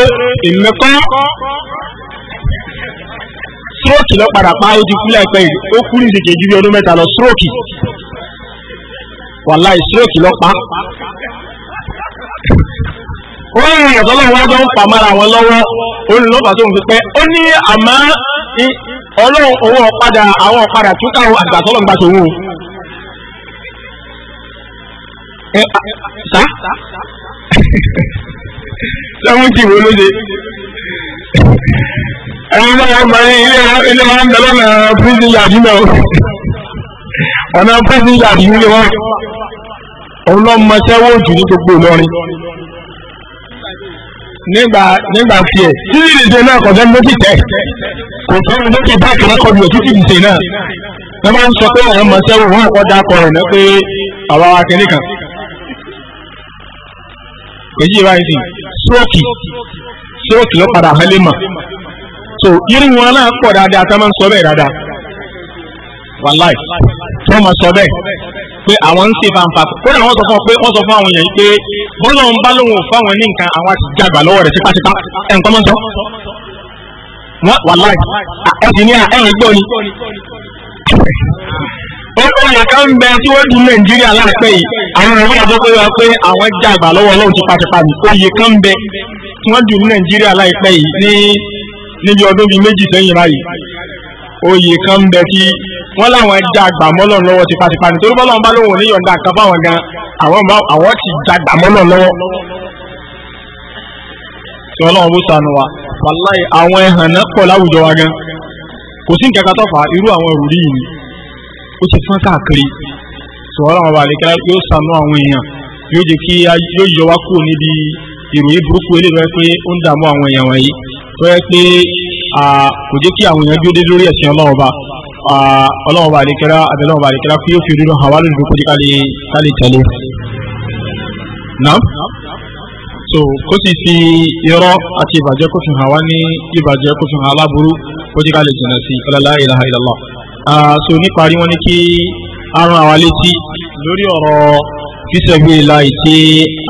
ìmẹ́kọ́ stroke lọ padà pa ó ti kú láìpẹ́ yìí ó kú ní ìsèkè ju bí ọdún mẹ́ta lọ stroke wàláì stroke lọ pa ó ń rìn ìyàtọ̀ lọ́wọ́ wájọ́ ń pa mára wọn lọ́wọ́ olùlọ́pàá tó ń fi pẹ́ ó ní àmọ́ ọlọ́run owó ọ̀padà àwọn ọ̀padà tún káwọn àgbà tọ́lọ̀ ń gbà tòun o sẹ́wọ́ntì wo ló dé ẹni náà wọ́n gbà yín ilé wa ń bẹ lọ́nà prison yard náà ọ̀nà prison yard nílé wọn òun náà mọ sẹ́wọ́ òjò ní gbogbo Ìlọrin nígbà nígbà tiẹ̀ títí ìdìse náà kọjá lókì tẹ̀ kò sọ́run lókì báàkì rẹ́kọ̀dù ẹ̀ títí ìdìse náà wọ́n máa ń sọ pé àwọn ọmọ sẹ́wọ́ wọn àkọ́dá kọrin náà pé àwa wa kẹ́lẹ́ kan èyí báyìí stroke stroke ló padà hẹ́lẹ́ mọ̀ so irú wọn náà pọ̀ dáadáa tá a máa ń sọ bẹ́ẹ̀ dáadáa wàláì tí wọ́n máa sọ bẹ́ẹ̀ pé àwọn ń ṣe fanfa kódà wọ́n sọ fún ọ pé wọ́n sọ fún àwọn èèyàn yìí pé bọ́lá ń bá lóun ò fáwọn ní nǹkan àwọn àti jàgbà lọ́wọ́ rẹ̀ tipátipá ẹ̀ ń kọ́ mọ́ sọ wàláì ẹ̀ sì ní à ẹ̀ ń gbọ́ ni ọkùnrin kan ń bẹ tí wọ́n dùn nàìjíríà láìpẹ́ yìí àwọn ìwé àjọpọ̀ wa pé àwọn jàgbà lọ́wọ́ ọlọ́run ti pàtìpàtì oyè kan ń bẹ tí wọ́n dùn nàìjíríà láìpẹ́ yìí ní níbi ọdún bíi méjì sẹ́yìn báyìí oyè kan ń bẹ tí wọ́n láwọn jàgbà mọ́lọ̀ lọ́wọ́ ti pàtìpàtì torí bọ́lọ́run bá lóun oníyọ̀ǹda kan fáwọn gan àwọn ti jàgbà mọ́lọ̀ lọ́wọ́ tí ọlọ́run bó sànù wa wàláì àwọn ẹ̀hàn náà pọ̀ láwùjọ wa gan kò sí nǹkan kan tó fà á irú àwọn òrùlé yìí ó ti fọ́n káàkiri sọ̀rọ̀ àwọn àlekẹ́lá yóò sànú àwọn èèyàn yóò jẹ́ kí yóò yọ wá kúrò níbi ìròyìn burúkú eléyìí rẹ pé ó ń dààmú àwọn èèyàn wọ̀nyí tó yẹ pé kò jẹ́ kí àwọn èèyàn dúró dé lórí ẹ̀sìn ọlọ́run ọba àlekẹ́lá àbẹ̀lọ́run ọba àlekẹ́lá kí yóò fi rírun àwa lórí burúkú ká tẹ̀lé. Naam so kó sì fi irọ́ àti ìbàjẹ́ kó fi hàn wá ní ìbàjẹ́ kó fi hàn aláburú kó jẹ́ ká lè sí ọlọ́lá ilaha illallah. Ah, so níparí wọn ni kí a rán àwa létí lórí ọ̀rọ̀ fíṣẹ̀gbé láì tí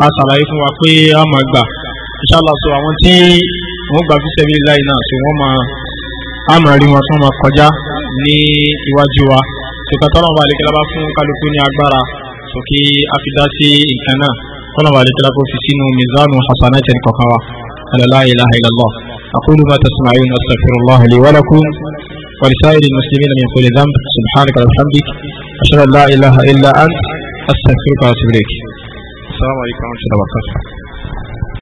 a ṣàlàyé fún wa pé a máa gbà inshallah so àwọn tí wọ́n gba fíṣẹ̀gbé láì náà so wọ́n máa a máa rí wọn tí wọ́n máa kọjá ní iwájú wa sọ̀kà tọ́lọ̀ bá àlekẹ́lá bá fún kálukú ní agbára sókè àfidá nǹkan náà tọ́lọ̀ bá àlekẹ́lá kó fi sínú mizanu hasanati kọ̀ọ̀kan wa ala ilaha illallah aqulu ma tasma'un astaghfirullah wa lakum. ولسائر المسلمين من كل ذنب سبحانك وبحمدك أشهد أن لا إله إلا أنت أستغفرك وأتوب إليك السلام عليكم ورحمة الله وبركاته